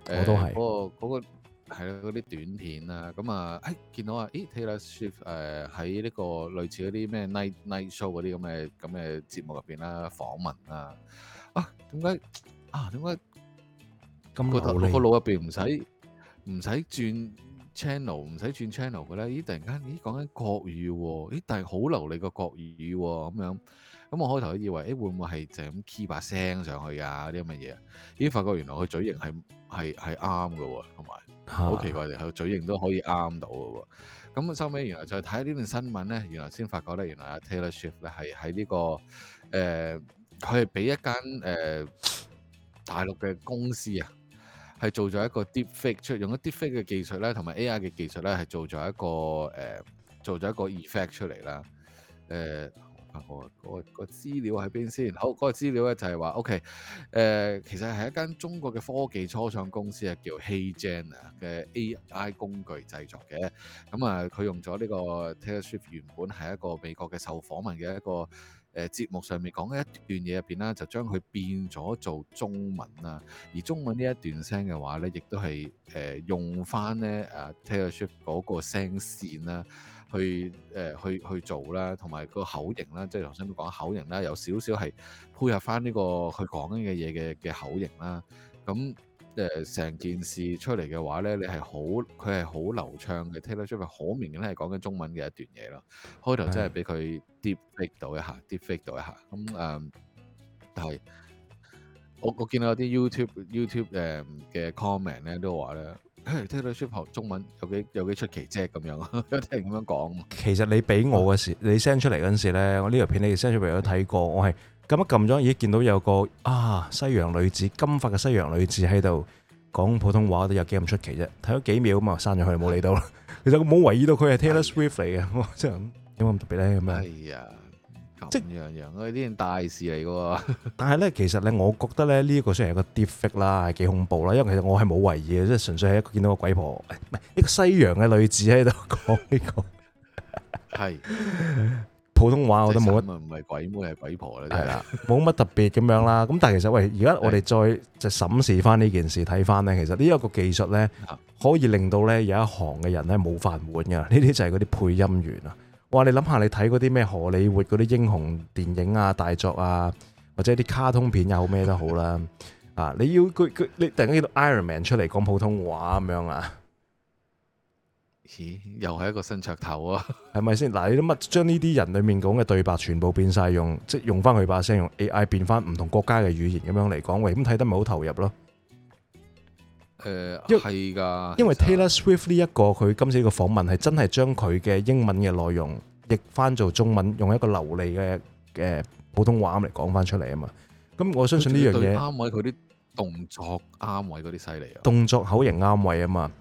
誒嗰個嗰個係啦，嗰啲短片啊，咁啊，誒見到啊，咦 Taylor Swift 誒喺呢個類似嗰啲咩 night night show 嗰啲咁嘅咁嘅節目入邊啦，訪問啊，啊點解啊點解咁個頭腦個腦入邊唔使唔使轉？channel 唔使轉 channel 嘅咧，咦突然間咦講緊國語喎，咦但係好流利個國語喎，咁樣咁我開頭以為，咦會唔會係就咁 key 把聲上去啊，啲咁嘅嘢，咦發覺原來佢嘴型係係係啱嘅喎，同埋好奇怪佢、啊、嘴型都可以啱到嘅喎。咁啊收尾原來再睇下呢段新聞咧，原來先發覺咧，原來阿 Taylor Swift 咧係喺、這、呢個誒，佢係俾一間誒、呃、大陸嘅公司啊。係做咗一個 deep fake 出，用咗 deep fake 嘅技術咧，同埋 AI 嘅技術咧，係做咗一個誒、呃，做咗一個 effect 出嚟啦。誒、呃，嗰、啊那個嗰、那個資料喺邊先？好，嗰、那個資料咧就係話，OK，誒、呃，其實係一間中國嘅科技初創公司啊，叫 HeyGen 嘅 AI 工具製作嘅。咁、嗯、啊，佢、呃、用咗呢個 t e s h i f t 原本係一個美國嘅受訪問嘅一個。誒節目上面講嘅一段嘢入邊啦，就將佢變咗做中文啦，而中文呢一段聲嘅話咧，亦都係誒、呃、用翻咧誒 Taylor Swift 嗰個聲線啦、啊，去誒、呃、去去做啦，同埋個口型啦，即係頭先都講口型啦，有少少係配合翻呢個佢講緊嘅嘢嘅嘅口型啦，咁。誒成件事出嚟嘅話咧，你係好佢係好流暢嘅，Taylor Swift 好明顯咧係講緊中文嘅一段嘢咯。開頭真係俾佢 deepfake 到一下，deepfake 到一下。咁誒，但係我我見到有啲 YouTube YouTube 誒嘅 comment 咧都話咧，Taylor Swift 學中文有幾有幾出奇啫咁樣，聽人咁樣講。其實你俾我嘅時，你 send 出嚟嗰陣時咧，我呢條片你 send 出嚟我都睇過，我係。咁一撳咗，已經見到有個啊西洋女子，金髮嘅西洋女子喺度講普通話，都有幾咁出奇啫！睇咗幾秒啊嘛，刪咗佢冇理到。其實我冇懷疑到佢係 Taylor Swift 嚟嘅，我真係咁，點解咁特別咧？咁樣係啊，即係樣樣，呢件大事嚟嘅。但係咧，其實咧，我覺得咧，呢一個雖然係個 DeepFake 啦，係幾恐怖啦，因為其實我係冇懷疑嘅，即係純粹係一個見到個鬼婆，唔係一個西洋嘅女子喺度講呢個係。普通話我都冇乜。唔係鬼妹係鬼婆咧。係啦，冇乜特別咁樣啦。咁但係其實喂，而家我哋再就審視翻呢件事，睇翻咧，其實呢一個技術咧，可以令到咧有一行嘅人咧冇飯碗㗎。呢啲就係嗰啲配音員啊。哇，你諗下，你睇嗰啲咩荷里活嗰啲英雄電影啊、大作啊，或者啲卡通片有咩都好啦。啊，你要佢佢你突然間要到 Iron Man 出嚟講普通話咁樣啊？又係一個新噱頭啊！係咪先？嗱、啊，你都乜將呢啲人裏面講嘅對白，全部變晒用，即係用翻佢把聲，用 A I 變翻唔同國家嘅語言咁樣嚟講，喂，咁睇得咪好投入咯？誒、呃，係噶，因為、其實、因為 Taylor Swift 呢、這、一個佢今次呢個訪問係真係將佢嘅英文嘅內容譯翻做中文，用一個流利嘅誒、呃、普通話嚟講翻出嚟啊嘛。咁我相信呢樣嘢啱位，佢啲動作啱位嗰啲犀利啊，動作口型啱位啊嘛。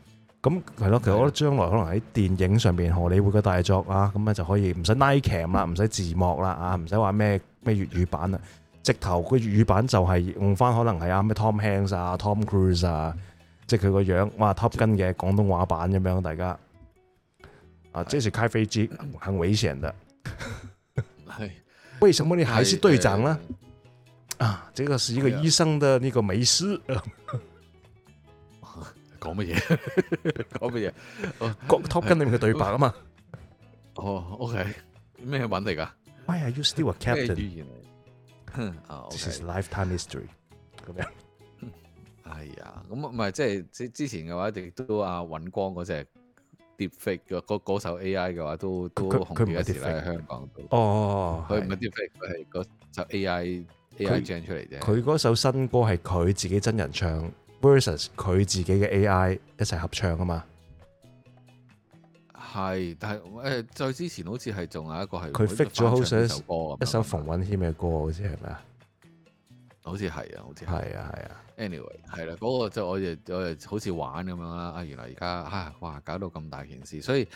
咁係咯，其實我覺得將來可能喺電影上邊荷里活嘅大作啊，咁咧就可以唔使 Nike 啦，唔使字幕啦，啊，唔使話咩咩粵語版啦，直頭個粵語版就係用翻可能係啊咩 Tom Hanks 啊 Tom Cruise 啊，即係佢個樣，哇，Top Gun 嘅廣東話版咁樣，大家啊，即是開飛機很危險的，係 ，為什麼你還是隊長呢？啊，這個是一個醫生的呢個美師。講乜嘢？講乜嘢？各 Top、oh, 跟你面嘅對白啊嘛。哦、oh,，OK。咩文嚟㗎？Why are you still a captain？語言嚟。Oh, okay. lifetime history。咁樣。哎呀，咁唔係即係之前嘅話，亦都阿尹光嗰隻 Deepfake 嘅嗰嗰首 AI 嘅話，都都紅住一時啦喺香港度。哦、oh, 是，佢唔係 Deepfake，佢係嗰首 AI AI 整他出嚟啫。佢嗰首新歌係佢自己真人唱。嗯 versus 佢自己嘅 A.I. 一齊合唱啊嘛，係，但係誒，再、呃、之前好似係仲有一個係佢 fit 咗好想一首馮允謙嘅歌好好，好似係咩啊？好似係啊，好似係啊係啊。Anyway，係啦，嗰個就我哋我哋好似玩咁樣啦。啊，原來而家吓哇搞到咁大件事，所以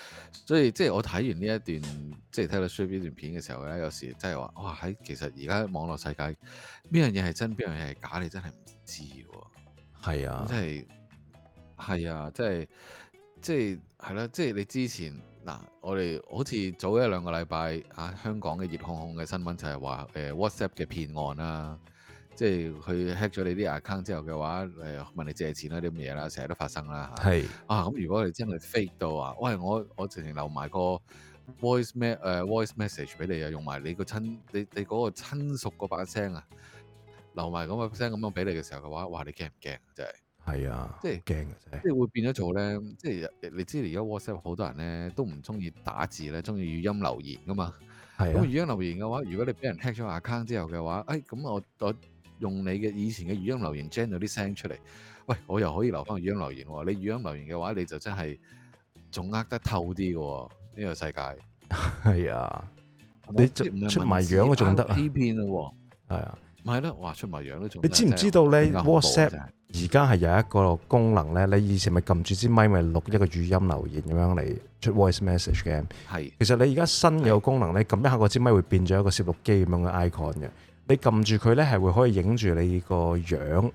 所以即係我睇完呢一段，即係睇到 show 呢段片嘅時候咧，有時真係話哇，喺其實而家網絡世界邊樣嘢係真，邊樣嘢係假，你真係唔知。係是啊，啊，即係係啊，即係即係係啦，即係你之前嗱、啊，我哋好似早一兩個禮拜啊，香港嘅熱烘烘嘅新聞就係話誒 WhatsApp 嘅騙案啦，啊，即係佢 hack 咗你啲 account 之後嘅話誒、呃、問你借錢啊，啲咁嘢啦，成日都發生啦嚇。係啊，咁是、啊嗯、如果你真係 fake 到啊，喂，我我直情留埋個 voice 咩誒、uh, voice message 俾你啊，用埋你個親你你嗰個親屬嗰把聲啊！留埋咁嘅聲咁樣俾你嘅時候嘅話，哇！你驚唔驚？真係係啊，即係驚啊！即係會變咗做咧，即係你知而家 WhatsApp 好多人咧都唔中意打字咧，中意語音留言噶嘛。係咁、啊、語音留言嘅話，如果你俾人 hack 咗 account 之後嘅話，誒、哎、咁我我用你嘅以前嘅語音留言 generate 啲聲出嚟，喂，我又可以留翻個語音留言喎、哦。你語音留言嘅話，你就真係仲呃得透啲嘅呢個世界。係啊，有你就 出埋樣我仲得啊？黐片咯喎，係啊。咪係咯，哇，出埋樣都仲～你知唔知道咧？WhatsApp 而家係有一個功能咧，嗯、你以前咪撳住支咪咪錄一個語音留言咁樣嚟出 voice message 嘅。係是，其實你而家新有功能咧，撳是一下個支咪會變咗一個攝錄機咁樣嘅 icon 嘅。你撳住佢咧係會可以影住你個樣，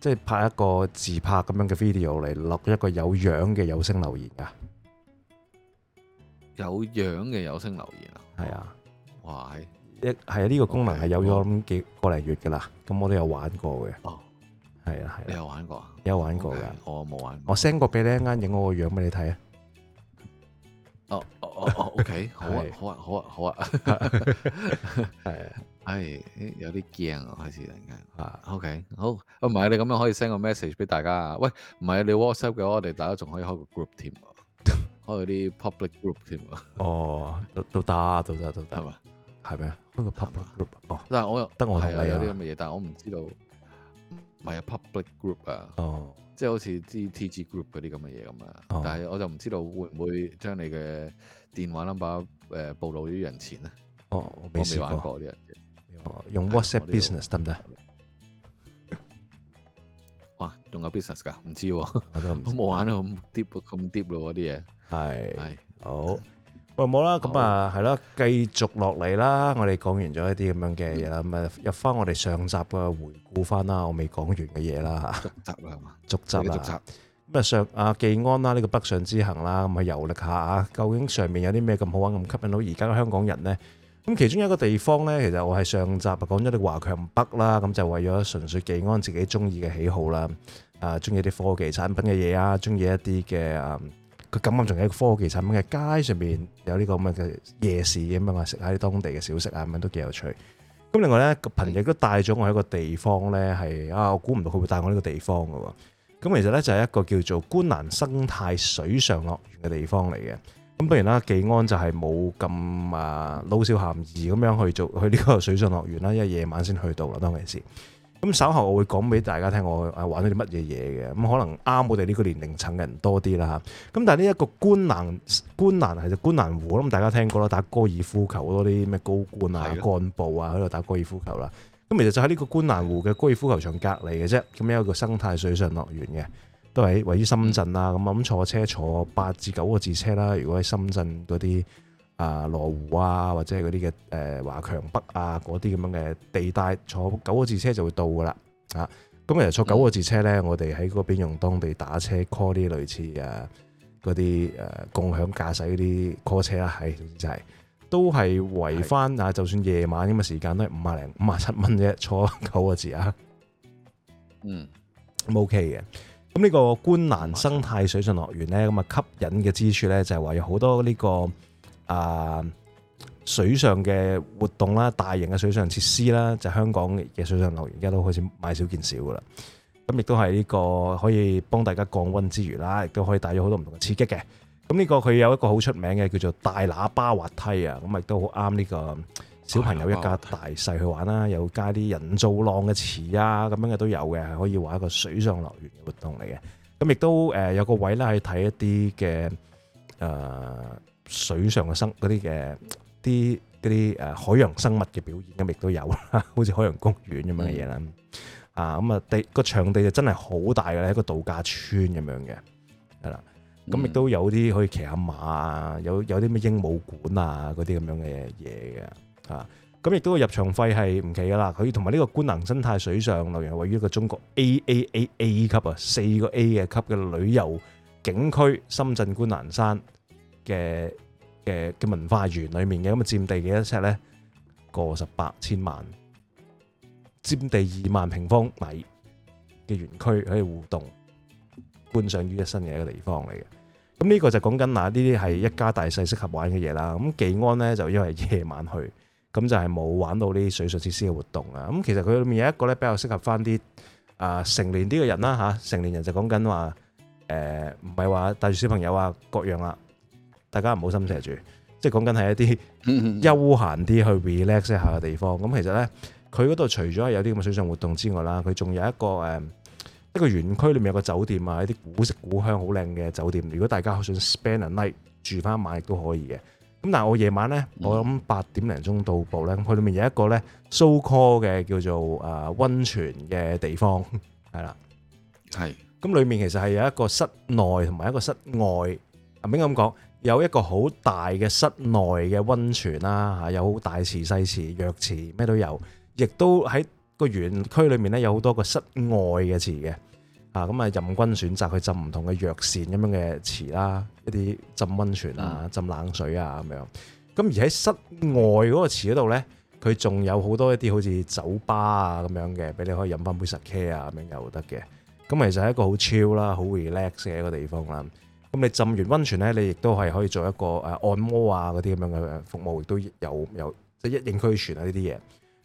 即係拍一個自拍咁樣嘅 video 嚟錄一個有樣嘅有聲留言㗎。有樣嘅有聲留言啊！係啊，哇一係啊，呢個功能係有咗咁幾個零月噶啦，咁我都有玩過嘅。哦，係啊，係。你有玩過啊？有玩過噶。我冇玩過。我 send 個俾你，一陣間影我個樣俾你睇啊。哦哦哦，OK，好啊，好啊，好啊，好啊。係，唉，有啲驚啊，開始突然。啊，OK，好。唔係你咁樣可以 send 個 message 俾大家啊。喂，唔係你 WhatsApp 嘅，我哋大家仲可以開個 group 添，開嗰啲 public group 添。哦，都都得，都得，都得。啊。係咩？嗰個 public group 哦，但係我又得我係有啲咁嘅嘢，但係我唔知道，唔係 public group 啊，哦，即係好似啲 TG group 嗰啲咁嘅嘢咁啊，但係我就唔知道會唔會將你嘅電話 number 誒暴露於人前啊？哦，我未玩過啲嘢，用 WhatsApp business 得唔得？哇，仲有 business 噶？唔知喎，我冇玩到咁 deep 咁 deep 咯嗰啲嘢，係係好。喂，冇啦，咁啊，係啦，繼續落嚟啦。我哋講完咗一啲咁樣嘅嘢啦，咁啊入翻我哋上集嘅回顧翻啦，我未講完嘅嘢啦。續集啦，係嘛？續集啦。咁啊上啊，記安啦，呢個北上之行啦，咁啊遊歷下啊，究竟上面有啲咩咁好玩咁吸引到而家嘅香港人呢？咁其中一個地方呢，其實我係上集講咗啲華強北啦，咁就為咗純粹記安自己中意嘅喜好啦，啊中意啲科技產品嘅嘢啊，中意一啲嘅啊。佢咁啱仲有一個科技產品嘅街上面，有呢個咁嘅夜市咁樣啊，食下啲當地嘅小食啊，咁樣都幾有趣。咁另外呢，個朋友都帶咗我喺一個地方呢，係啊，我估唔到佢會帶我呢個地方嘅喎。咁其實呢，就係一個叫做觀瀾生態水上樂園嘅地方嚟嘅。咁當然啦，紀安就係冇咁啊，老少咸宜咁樣去做去呢個水上樂園啦，因為夜晚先去到啦，當其時。咁稍後我會講俾大家聽我誒玩咗啲乜嘢嘢嘅，咁可能啱我哋呢個年齡層嘅人多啲啦，咁但係呢一個觀瀾觀瀾係個觀瀾湖，咁大家聽過啦，打高爾夫球好多啲咩高官啊幹部啊喺度打高爾夫球啦。咁其實就喺呢個觀瀾湖嘅高爾夫球場隔離嘅啫，咁有一個生態水上樂園嘅，都係位於深圳啊，咁咁坐車坐八至九個字車啦，如果喺深圳嗰啲。啊，羅湖啊，或者係嗰啲嘅誒，呃、華強北啊，嗰啲咁樣嘅地帶，坐九個字車就會到噶啦。吓、啊，咁、嗯、誒、嗯、坐九個字車咧，我哋喺嗰邊用當地打車 call 啲類似誒嗰啲誒共享駕駛嗰啲 call 車啦，係就係都係圍翻啊。就,是、是就算夜晚咁嘅時間都係五萬零五萬七蚊啫，坐九個字啊。嗯，咁、嗯、OK 嘅。咁呢個觀瀾生態水上樂園咧，咁啊吸引嘅之處咧就係、是、話有好多呢、這個。啊！水上嘅活動啦，大型嘅水上設施啦，就是、香港嘅水上樂園而家都開始買少見少噶啦。咁亦都係呢個可以幫大家降溫之餘啦，亦都可以帶咗好多唔同嘅刺激嘅。咁呢個佢有一個好出名嘅叫做大喇叭滑梯啊，咁亦都好啱呢個小朋友一家大細去玩啦。哎哎、又加啲人造浪嘅池啊，咁樣嘅都有嘅，可以話一個水上樂園嘅活動嚟嘅。咁亦都誒有個位咧去睇一啲嘅誒。呃水上嘅生嗰啲嘅啲啲誒海洋生物嘅表演，咁亦都有啦， 好似海洋公園咁樣嘅嘢啦，的啊咁啊地、個場地就真係好大嘅咧，一個度假村咁樣嘅係啦，咁亦的都有啲可以騎下馬，啊，啊有有啲咩鸚鵡館啊嗰啲咁樣嘅嘢嘅嚇，咁亦都入場費係唔奇噶啦，佢同埋呢個觀瀾生態水上樂園位於一個中國 A A A A 級啊，四個 A 嘅級嘅旅遊景區，深圳觀瀾山嘅。嘅嘅文化園裏面嘅咁啊，占地幾多尺咧？過十八千萬，占地二萬平方米嘅園區可以互動、觀賞於一身嘅一個地方嚟嘅。咁、嗯、呢、這個就講緊嗱，呢啲係一家大細適合玩嘅嘢啦。咁、嗯、紀安咧就因為夜晚去，咁就係冇玩到呢啲水上設施嘅活動啊。咁、嗯、其實佢裏面有一個咧比較適合翻啲啊成年啲嘅人啦吓、啊，成年人就講緊話誒，唔係話帶住小朋友啊，各樣啊。大家唔好心邪住，即係講緊係一啲休閒啲去 relax 一下嘅地方。咁其實咧，佢嗰度除咗係有啲咁嘅水上活動之外啦，佢仲有一個誒一個園區裏面有個酒店啊，一啲古色古香好靚嘅酒店。如果大家好想 spend a night 住翻一晚亦都可以嘅。咁但係我夜晚咧，我諗八點零鐘到步咧，佢裏面有一個咧 so-called 嘅叫做誒温泉嘅地方，係啦，係。咁裏面其實係有一個室內同埋一個室外，阿明咁講。有一個好大嘅室內嘅温泉啦，嚇有大池、細池、藥池咩都有，亦都喺個園區裏面咧有好多個室外嘅池嘅，啊咁啊任君選擇去浸唔同嘅藥膳咁樣嘅池啦，一啲浸温泉啊、嗯、浸冷水啊咁樣，咁而喺室外嗰個池嗰度咧，佢仲有好多一啲好似酒吧啊咁樣嘅，俾你可以飲翻杯 sake 啊咁樣又得嘅，咁其實係一個好 chill 啦、好 relax 嘅一個地方啦。咁你浸完温泉咧，你亦都係可以做一個誒按摩啊嗰啲咁樣嘅服務，亦都有有即係一應俱全啊呢啲嘢。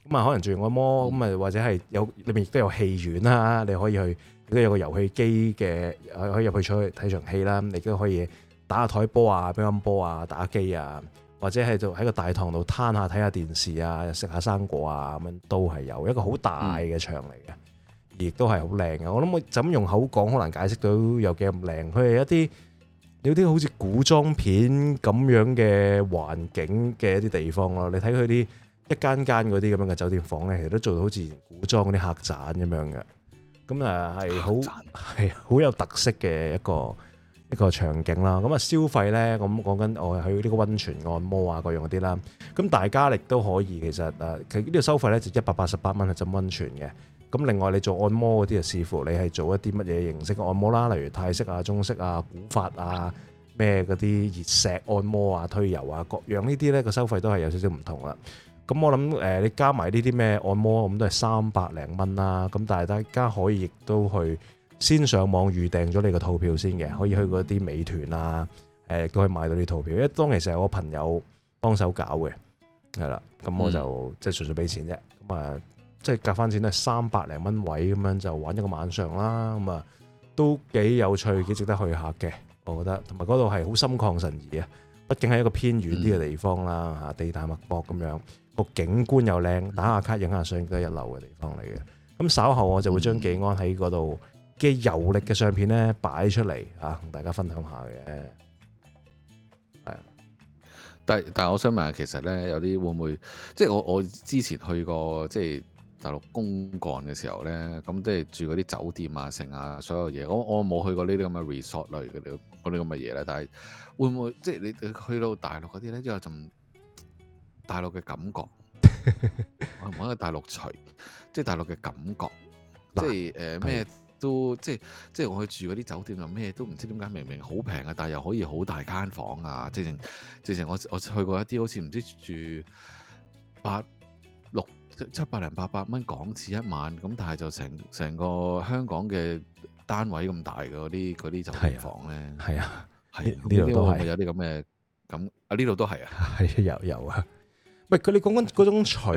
咁啊，可能做完按摩咁啊，或者係有裏面亦都有戲院啦，你可以去，亦都有個遊戲機嘅，可以入去出去睇場戲啦。咁亦都可以打下台波啊、乒乓波啊、打機啊，或者係就喺個大堂度攤下睇下電視啊、食下生果啊咁樣，都係有一個好大嘅場嚟嘅，亦都係好靚嘅。我諗我就咁用口講，好難解釋到有幾咁靚。佢係一啲。有啲好似古裝片咁樣嘅環境嘅一啲地方咯，你睇佢啲一間間嗰啲咁樣嘅酒店房咧，其實都做到好似古裝啲客棧咁樣嘅，咁誒係好係好有特色嘅一個一個場景啦。咁啊消費咧，咁講緊我去呢個温泉按摩啊嗰樣嗰啲啦，咁大家亦都可以其實誒，佢呢個收費咧就一百八十八蚊去浸温泉嘅。咁另外你做按摩嗰啲啊，視乎你係做一啲乜嘢形式嘅按摩啦，例如泰式啊、中式啊、古法啊、咩嗰啲熱石按摩啊、推油啊，各樣呢啲呢個收費都係有少少唔同啦。咁我諗誒，你加埋呢啲咩按摩咁都係三百零蚊啦。咁但係大家可以亦都去先上網預訂咗你個套票先嘅，可以去嗰啲美團啊，誒都可以買到啲套票。因為當其時我朋友幫手搞嘅，係啦，咁我就即係純粹俾錢啫，咁啊。即係隔翻錢係三百零蚊位咁樣就玩一個晚上啦，咁啊都幾有趣，幾值得去下嘅，我覺得。同埋嗰度係好心曠神怡啊，畢竟係一個偏遠啲嘅地方啦，嚇、嗯、地大物博咁樣，個景觀又靚，打下卡影下相都係一流嘅地方嚟嘅。咁稍後我就會將記安喺嗰度嘅遊歷嘅相片咧擺出嚟啊，同、啊、大家分享下嘅。係，但係但係我想問下，其實咧有啲會唔會即係我我之前去過即係。大陸公幹嘅時候咧，咁即係住嗰啲酒店啊，成啊所有嘢，我我冇去過呢啲咁嘅 resort 類嘅，嗰啲咁嘅嘢咧，但係會唔會即係你去到大陸嗰啲咧，有陣大陸嘅感覺，我唔係大陸除，即係大陸嘅感覺， 即係誒咩都即係即係我去住嗰啲酒店啊，咩都唔知點解明明好平啊，但係又可以好大間房啊，直情直情我我去過一啲好似唔知住八。七百零八百蚊港紙一晚，咁但係就成成個香港嘅單位咁大嘅嗰啲啲酒店房咧，係啊，係呢度都係有啲咁嘅咁啊，呢度都係啊，係、啊、有有啊，喂，佢哋講緊嗰種除，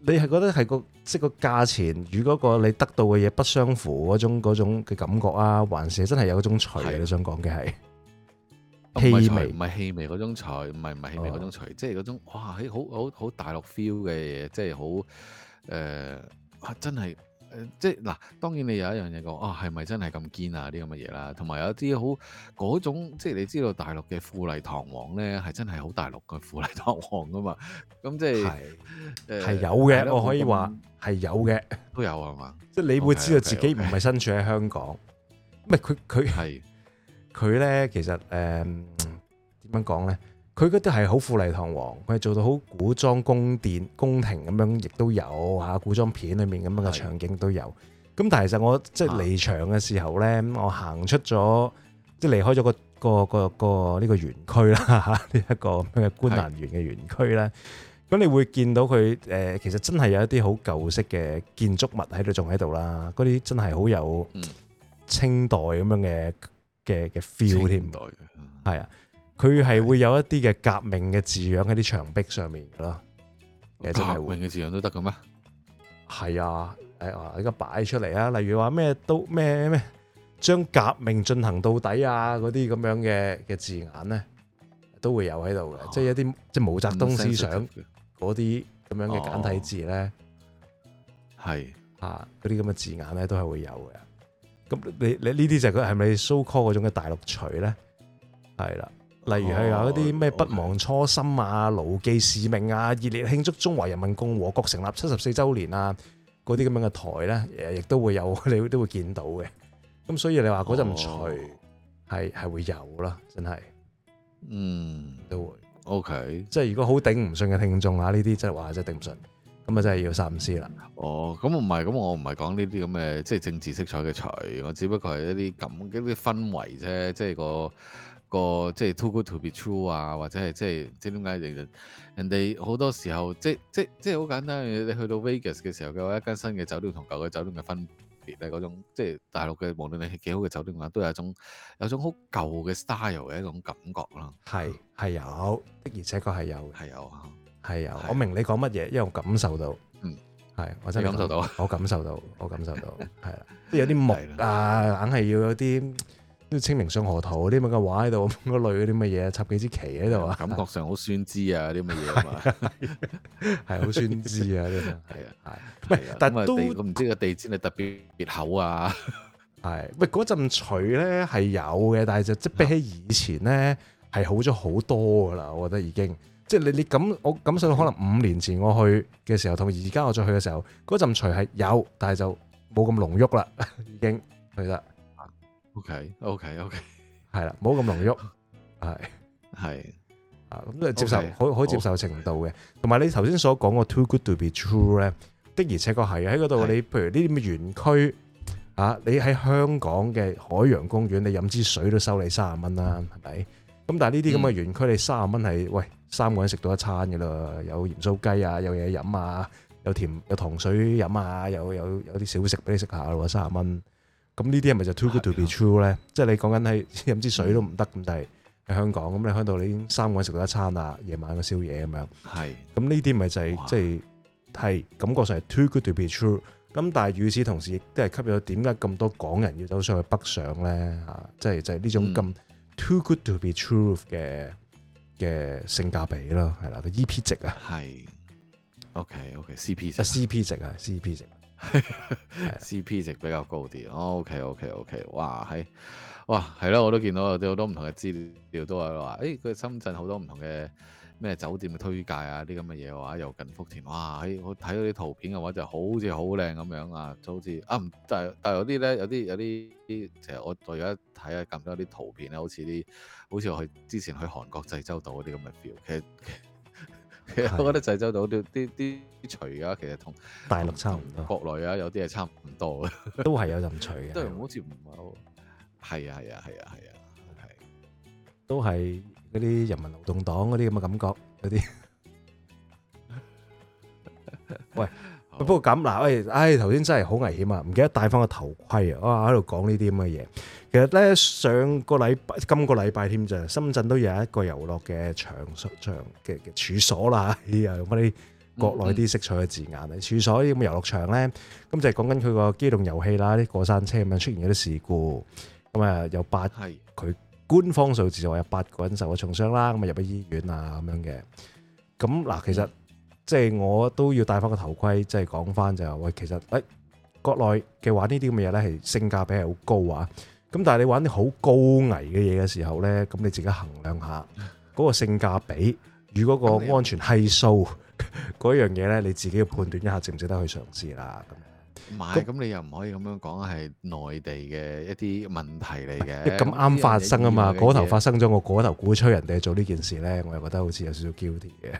你係覺得係個即係個價錢與嗰個你得到嘅嘢不相符嗰種嘅感覺啊，還是真係有嗰種除你、啊、的想講嘅係？氣味唔係氣味嗰種材，唔係唔係氣味嗰種材、哦，即係嗰種哇，係好好好大陸 feel 嘅嘢，即係好誒，真係誒，即係嗱，當然你有一樣嘢講，啊，係咪真係咁堅啊？啲咁嘅嘢啦，同埋有啲好嗰種，即係你知道大陸嘅富麗堂皇咧，係真係好大陸嘅富麗堂皇噶嘛，咁、嗯、即係係係有嘅，的我可以話係麼有嘅，都有係嘛？即係你會知道自己唔係、okay, okay , okay. 身處喺香港，唔係佢佢係。 佢咧其實誒點樣講咧？佢嗰啲係好富麗堂皇，佢係做到好古裝宮殿、宮廷咁樣，亦都有嚇、啊、古裝片裏面咁樣嘅場景都有。咁是的 但係其實我即係離場嘅時候咧，啊、我行出咗即係離開咗、個、個、個呢、個、個園區啦，呢、啊、一、個咩觀瀾園嘅園區咧。咁是的 你會見到佢誒、呃，其實真係有一啲好舊式嘅建築物喺度，仲喺度啦。嗰啲真係好有清代咁樣嘅。嘅嘅 feel 添，係啊，佢係會有一啲嘅革命嘅字樣喺啲牆壁上面噶咯，真革命嘅字樣都得嘅咩？係啊，誒、哎，呢個擺出嚟啊，例如話咩都咩咩，將革命進行到底啊，嗰啲咁樣嘅嘅字眼咧，都會有喺度嘅，即係一啲即係毛澤東思想嗰啲咁樣嘅簡體字咧，係、哦、啊，嗰啲咁嘅字眼咧，都係會有嘅。咁你你呢啲就係咪蘇科嗰種嘅大陸馴咧？係啦，例如係話嗰啲咩不忘初心啊、牢記使命啊、熱烈慶祝中華人民共和國成立七十四週年啊，嗰啲咁樣嘅台咧，誒亦都會有，你都會見到嘅。咁所以你話嗰陣馴係係會有啦，真係，嗯，都會 OK。即係如果好頂唔順嘅聽眾啊，呢啲真係話真係頂唔順。咁啊，真係要三思啦。哦，咁唔係，咁我唔係講呢啲咁嘅，即係政治色彩嘅財。我只不過係一啲咁嘅啲氛圍啫。即係個個即係 too good to be true 啊，或者係即係即係點解人哋人哋好多時候，即即即係好簡單你去到 Vegas 嘅時候，嘅話一間新嘅酒店同舊嘅酒店嘅分別咧，嗰種即係大陸嘅，無論你係幾好嘅酒店嘅話，都有一種有種好舊嘅 style 嘅一種感覺啦。係係有，的而且確係有，有，係有啊。係啊，我明你講乜嘢，因為我感受到，係，我真係感受到，我感受到，我感受到，係啦，即係有啲木啊，硬係要有啲，啲清明上河圖啲咁嘅畫喺度，咁嗰類嗰啲乜嘢，插幾支旗喺度啊，感覺上好酸枝啊啲乜嘢啊嘛，係好酸枝啊啲，係啊，係，唔但係都唔知個地氈係特別厚啊，係，喂，嗰陣除咧係有嘅，但係就即比起以前咧係好咗好多噶啦，我覺得已經。即係你你咁，我感受可能五年前我去嘅時候，同而家我再去嘅時候，嗰陣馀係有，但係就冇咁濃郁啦，已經去啦。OK OK OK，係啦，冇咁濃郁，係係啊，咁都係接受，可可接受程度嘅。同埋你頭先所講個 too good to be true 咧，的而且確係喺嗰度。你譬如呢啲咁嘅園區啊，你喺香港嘅海洋公園，你飲支水都收你三十蚊啦，係咪？咁但係呢啲咁嘅園區，你三十蚊係餵三個人食到一餐嘅啦，有鹽酥雞啊，有嘢飲啊，有甜有糖水飲啊，有有有啲小食俾你食下咯喎，三十蚊。咁呢啲係咪就 too good to be true 咧？即係你講緊係飲支水都唔得咁滯喺香港，咁你喺度你三個人食到一餐啊，夜晚嘅宵夜咁樣。係。咁呢啲咪就係即係係感覺上係 too good to be true。咁但係與此同時，亦都係吸引咗點解咁多港人要走上去北上咧？嚇，即係就係呢種咁。Too good to be true 嘅嘅性價比啦，係啦，個 E P 值，okay, okay, 值啊，係，OK OK C P 值係 C P 值啊，C P 值，C P 值比較高啲，OK OK OK，哇係，哇係咯，我都見到有啲好多唔同嘅資料都係話，誒佢深圳好多唔同嘅。咩酒店嘅推介啊，啲咁嘅嘢嘅話，又近福田，哇！喺我睇到啲圖片嘅話，就好似好靚咁樣啊，就好似啊但係但係有啲咧，有啲有啲，其實我再而家睇下咁多啲圖片咧，好似啲好似去之前去韓國濟州島嗰啲咁嘅 feel。其實其實我覺得濟州島都啲啲啲除啊，其實同大陸差唔多，的國內啊有啲係差唔多嘅，都係有咁除嘅，都係好似唔係喎。係啊係啊係啊係啊係，都係。嗰啲人民勞動黨嗰啲咁嘅感覺，嗰啲。喂，不過咁嗱，喂，唉，頭先真係好危險啊！唔記得戴翻個頭盔啊！我喺度講呢啲咁嘅嘢。其實咧，上個禮拜、今個禮拜添就，深圳都有一個遊樂嘅場所、場嘅嘅處所啦。咦啊！用乜啲國內啲色彩嘅字眼啊？處所咁遊樂場咧，咁就係講緊佢個機動遊戲啦，啲過山車咁樣出現嗰啲事故。咁啊，有八係佢。官方數字就話有八個人受過重傷啦，咁啊入咗醫院啊咁樣嘅。咁嗱，其實即係我都要戴翻個頭盔，即係講翻就話喂，其實誒，國內嘅玩呢啲咁嘅嘢咧，係性價比係好高啊。咁但係你玩啲好高危嘅嘢嘅時候咧，咁你自己衡量下嗰個性價比與嗰個安全係數嗰樣嘢咧，你自己要判斷一下值唔值得去嘗試啦。咁。唔係，咁你又唔可以咁樣講，係內地嘅一啲問題嚟嘅。咁啱發生啊嘛，嗰頭發生咗，我嗰頭鼓吹人哋做呢件事咧，我又覺得好似有少少 guilty 嘅。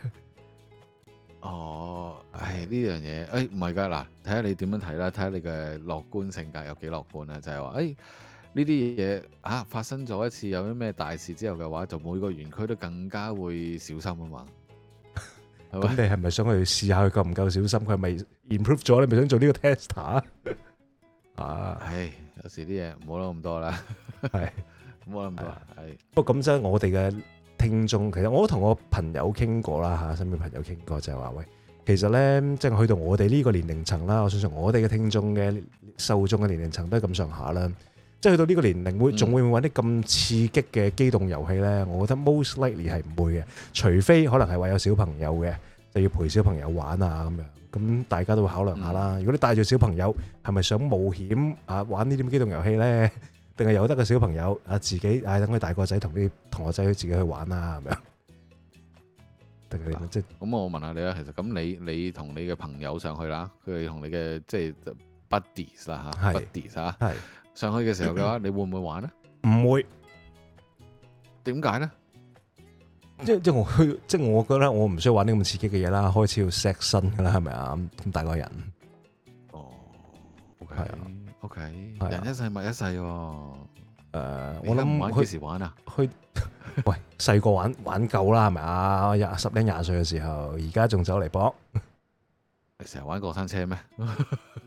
哦，唉呢樣嘢，誒唔係噶嗱，睇下你點樣睇啦，睇下你嘅樂觀性格有幾樂觀啊，就係話，誒呢啲嘢吓發生咗一次有啲咩大事之後嘅話，就每個園區都更加會小心啊嘛。咁你係咪想去試下佢夠唔夠小心？佢係咪？improve 咗，你咪想做呢個 tester 啊？唉、 哎，有時啲嘢唔好諗咁多啦。係唔好諗咁多係、 哎、不過咁即係我哋嘅聽眾，其實我都同我朋友傾過啦吓，身邊朋友傾過就係、是、話喂，其實咧，即、就、係、是、去到我哋呢個年齡層啦。我相信我哋嘅聽眾嘅受眾嘅年齡層都係咁上下啦。即係去到呢個年齡會仲會唔會揾啲咁刺激嘅機動遊戲咧？嗯、我覺得 most likely 係唔會嘅，除非可能係為有小朋友嘅，就要陪小朋友玩啊咁樣。咁大家都會考慮下啦。如果你帶住小朋友，係咪想冒險啊玩呢啲機動遊戲咧？定係有得嘅小朋友啊自己？唉、哎，等佢大個仔同啲同學仔去自己去玩啦，咁樣。定係即咁我問下你啦。其實咁你你同你嘅朋友上去啦，佢同你嘅即係 buddies 啦吓係上去嘅時候嘅話， 你會唔會玩呢？唔會。點解呢？即即我去，即我覺得我唔需要玩啲咁刺激嘅嘢啦，開始要 set 身噶啦，係咪、oh, okay, 啊？咁大個人，哦，OK 啊，OK，人一世物一世喎、啊。我、呃、你今玩幾去時玩啊？去，喂，細個玩玩夠啦，係咪啊？廿十零廿歲嘅時候，而家仲走嚟搏？你成日玩過山車咩？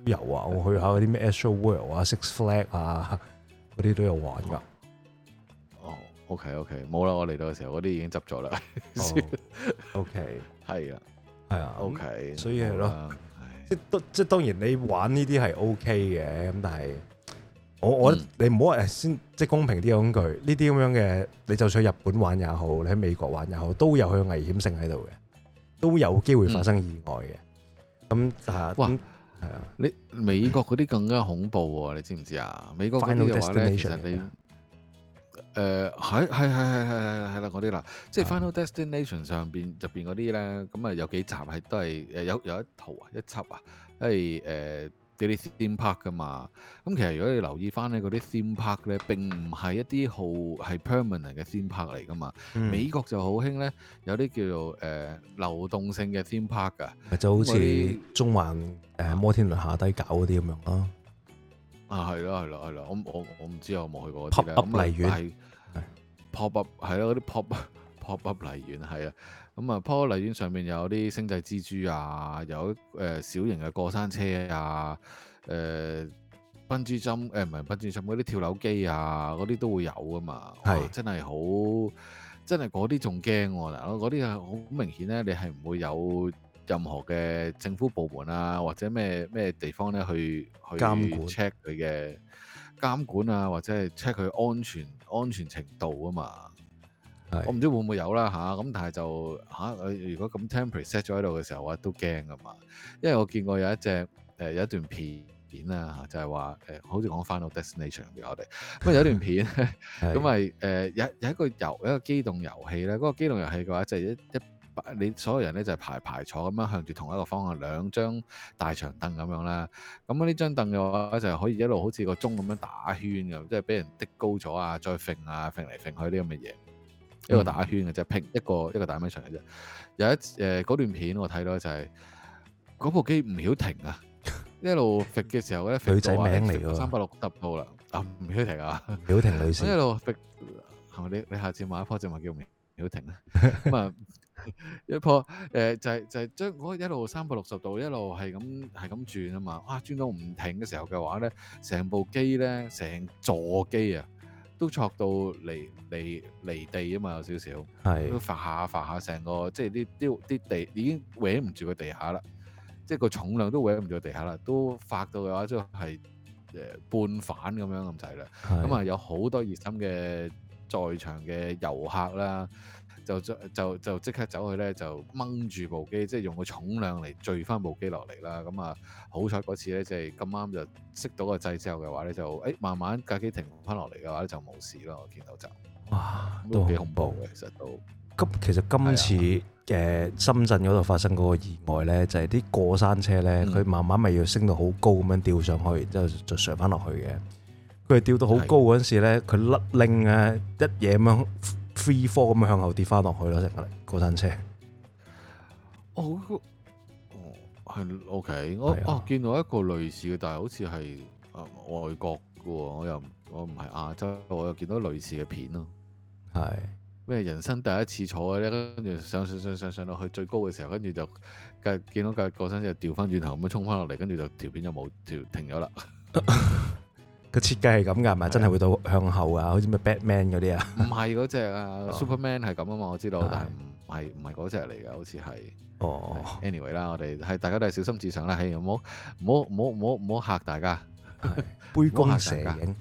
有 啊，我去下嗰啲咩 Astro World 啊、Six Flags 啊嗰啲都有玩噶。Oh. O K O K，冇啦！我嚟到嘅時候，我啲已經執咗啦。O K 係啊，係啊的。O okay , K，所以係咯，okay. 即係即係當然你玩呢啲係 O K 嘅，咁但係我我你唔好話先，即係公平啲講句，呢啲咁樣嘅，你就算去日本玩也好，你喺美國玩也好，都有佢危險性喺度嘅，都有機會發生意外嘅。咁啊、嗯，但哇，係啊、嗯，你美國嗰啲更加恐怖喎！你知唔知啊？美國嗰啲嘅話咧，就你，你。啊誒，係係係係係係係啦，嗰啲啦，即係 Final Destination 上邊入邊嗰啲咧，咁啊有幾集係都係誒有有，有一套啊一輯啊，係啲 theme park 噶嘛。咁其實如果你留意翻咧，嗰啲 theme park 咧並唔係一啲好係 permanent 嘅 theme park 嚟噶嘛。Mm. 美國就好興咧，有啲叫做誒流動性嘅 theme park 噶，就好似中環誒摩、嗯、天輪下低搞嗰啲咁樣啦。啊，係咯、啊，係咯、啊，係咯、啊，咁我我唔知啊，我冇去過。Pop up 樂園係 pop up，係咯、就是，嗰啲 pop up，pop up，樂園係啊，咁啊 pop up，樂園上面有啲星際蜘蛛啊，有誒、呃、小型嘅過山車啊，誒笨豬跳誒唔係笨豬跳嗰啲跳樓機啊，嗰啲都會有噶嘛。係真係好，真係嗰啲仲驚嗱，嗰啲係好明顯咧，你係唔會有，任何嘅政府部門啊，或者咩咩地方咧，去去管監管 check 佢嘅監管啊，或者係 check 佢安全安全程度啊嘛。是我唔知會唔會有啦、啊、嚇，咁但係就嚇、啊，如果咁 temporary set 咗喺度嘅時候啊，都驚噶嘛。因為我見過有一隻誒、呃、有一段片片啊，就係話誒，好似講 Final Destination 畀我哋咁，有一段片咁咪誒有有一個遊一個機動遊戲咧，嗰、那個機動遊戲嘅話就係一一。一你所有人咧就係排排坐咁樣向住同一個方向，兩張大長凳咁樣啦。咁呢張凳嘅話就係可以一路好似個鐘咁樣打圈咁，即係俾人滴高咗啊，再揈啊，揈嚟揈去呢咁嘅嘢。一個打圈嘅啫，拼、嗯、一個一個大米場嘅啫。有一誒、呃、段片我睇到就係、是、嗰部機唔曉停啊，一路揈嘅時候咧， 到女仔名嚟三百六十度啦，啊唔曉停啊，唔曉停女士 一路揈，係咪你你下次買一樖植物叫名唔曉停啦咁啊。 嗯、一破，誒就係就係將我一路三百六十度一路係咁係咁轉啊轉嘛，哇轉到唔停嘅時候嘅話咧，成部機咧成座機啊都駁到離離離地啊嘛有少少，是都發下發下成個即係啲啲啲地已經搣唔住個地下啦，即係個重量都搣唔住個地下啦，都發到嘅話即係誒、呃、半反咁樣咁滯啦，咁啊是、嗯、有好多熱心嘅在場嘅遊客啦。啦。就就就即刻走去咧，就掹住部機，即係用個重量嚟墜翻部機落嚟啦。咁啊，好彩嗰次咧，即係咁啱就熄到個掣之後嘅話咧，就誒慢慢架機停翻落嚟嘅話咧，就冇事咯。我見到就哇，都幾恐怖嘅，其實都咁，其實今次嘅深圳嗰度發生嗰個意外咧，就係啲過山車咧，佢慢慢咪要升到好高咁樣吊上去，之後就上翻落去嘅。佢係吊到好高嗰陣時咧，佢甩拎啊，一嘢咁。three four 咁樣向後跌翻落去咯，成個過山車。哦、oh，係，O K，我，我見到一個類似嘅，但係好似係，誒、呃，外國嘅，我又，我唔係亞洲，我又見到類似嘅片咯。係咩 Yeah. 人生第一次坐嘅咧？跟住上上上上上落去最高嘅時候，跟住就，隔，見到架過山車掉翻轉頭咁樣衝翻落嚟，跟住就條片就冇，條停咗啦。 個設計係咁㗎，咪真係會到向後啊？好似咩 Batman 嗰啲啊？唔係嗰隻啊，Superman 係咁啊嘛，我知道，但係唔係唔係嗰隻嚟嘅，好似係。哦。Anyway 啦，我哋係大家都係小心至上啦，係，唔好唔好唔好唔好唔好嚇大家。杯弓蛇影。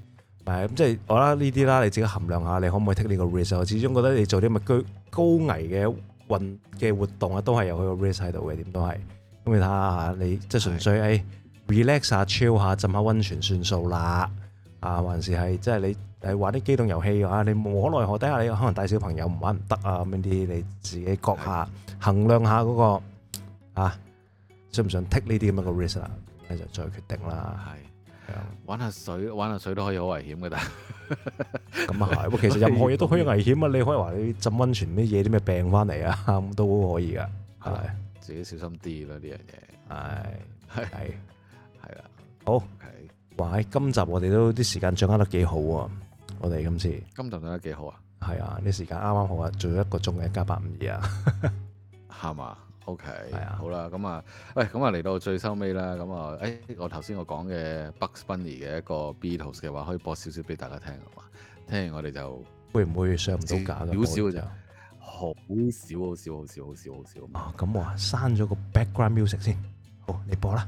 係，咁即係我覺得呢啲啦，你自己衡量下，你可唔可以 take 呢個 risk？我始終覺得你做啲咁嘅高高危嘅運嘅活動啊，都係有佢個 risk 喺度嘅，點都係。咁你睇下嚇，你即係純粹誒。relax 下、chill 下、浸下溫泉算數啦。啊，還是係即係你誒玩啲機動遊戲嘅話，你無可奈何底下，你可能帶小朋友唔玩唔得啊咁樣啲，你自己覺下、的衡量下嗰、嗰個啊，想唔想 take 呢啲咁樣嘅 risk 啦，你就再決定啦。係的樣玩下水，玩下水都可以好危險噶。但咁啊係，其實任何嘢都可以危險啊。你可以話你浸溫泉咩嘢啲咩病翻嚟啊，咁都好可以噶。係自己小心啲啦，呢樣嘢係係。的係啊，好，係 Okay.，哇喺今集我哋都啲時間掌握得幾好啊，我哋今次，今集掌握得幾好啊，係啊，啲時間啱啱好啊，做咗一個鐘嘅一家八五二啊，係嘛，OK，係啊，好啦，咁、哎、啊，喂，咁啊嚟到最收尾啦，咁啊，誒、哎，我頭先我講嘅 Bugs Bunny 嘅一個 Beatles 嘅話，可以播少少俾大家聽啊嘛，聽完我哋就會唔會上唔到架嘅，少少就好少，好少，好少，好少，好少，好少，好少，好少、嗯、啊，咁我刪咗個 background music 先，好，好，你播啦。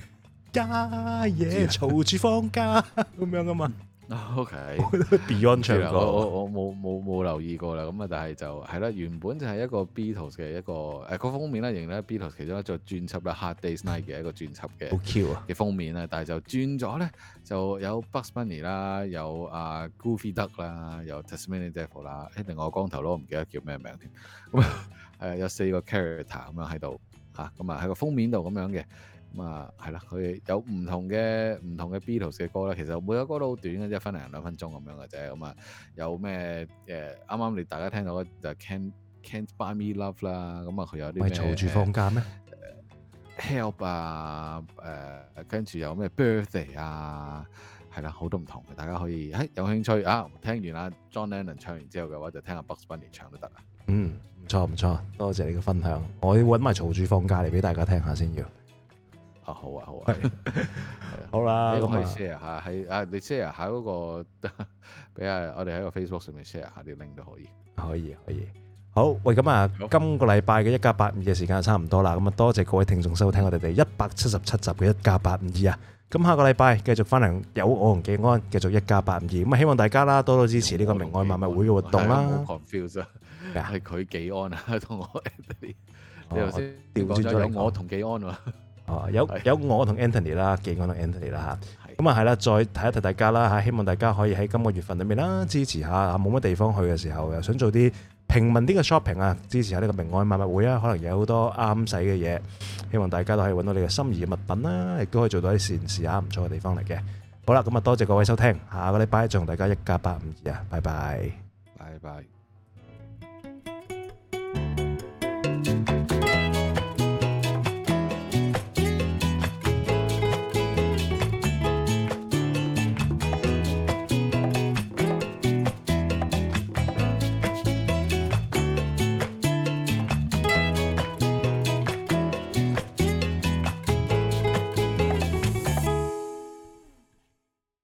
家嘢嘈住放假咁 樣噶嘛？OK，Beyond 唱歌，我我冇冇冇留意過啦。咁啊，但係就係啦，原本就係一個 Beatles 嘅一個誒、呃那個封面咧，影咧 Beatles 其中一隻專輯咧《Hard Day's Night》嘅一個專輯嘅，好 Q 啊嘅封面咧。但係就轉咗咧，就有 Bugs Bunny 啦，有阿 Goofy Duck 啦，有 Tasmanian Devil 啦，一定我個光頭佬唔記得叫咩名添。咁誒，有四個 character 咁樣喺度吓，咁啊喺個封面度咁樣嘅。咁啊，係啦、嗯，佢有唔同嘅唔同嘅 Beatles 嘅歌啦，其實每個歌都好短嘅啫，分零兩分鐘咁樣嘅啫。咁、嗯、啊，有咩誒？啱啱你大家聽到就 Can Can't Buy Me Love 啦，咁、嗯、啊，佢有啲咪嘈住放假咩？Help 啊，誒跟住有咩 Birthday 啊？係啦，好多唔同嘅，大家可以誒、哎、有興趣啊，聽完阿 John Lennon an 唱完之後嘅話，就聽下 Bugs Bunny 唱都得啦。嗯，唔錯唔錯，多謝你嘅分享。我要揾埋嘈住放假嚟俾大家聽下先要。啊好啊好啊，好啦，你可 share 下喺啊你 share 喺嗰個，俾下我哋喺個 Facebook 上面 share 下啲 link 都可以，可以可以。好，喂咁啊，今個禮拜嘅一加八五二嘅時間差唔多啦，咁啊多謝各位聽眾收聽我哋第一百七十七集嘅一加八五二啊，咁下個禮拜繼續翻嚟有我同紀安繼續一加八五二，咁啊希望大家啦多多支持呢個明愛萬物會嘅活動啦。confused，係佢紀安啊，同我你頭先調轉咗有我同紀安喎。哦，有有我同 Anthony 啦，見我同 Anthony 啦嚇，咁啊係啦，再提一提大家啦嚇，希望大家可以喺今個月份裡面啦支持下嚇，冇乜地方去嘅時候又想做啲平民啲嘅 shopping 啊，支持下呢個明愛買物會啊，可能有好多啱使嘅嘢，希望大家都可以揾到你嘅心儀物品啦，亦都可以做到啲善事啊，唔錯嘅地方嚟嘅。好啦，咁啊多謝各位收聽，下個禮拜再同大家一加八五二啊，拜拜，拜拜。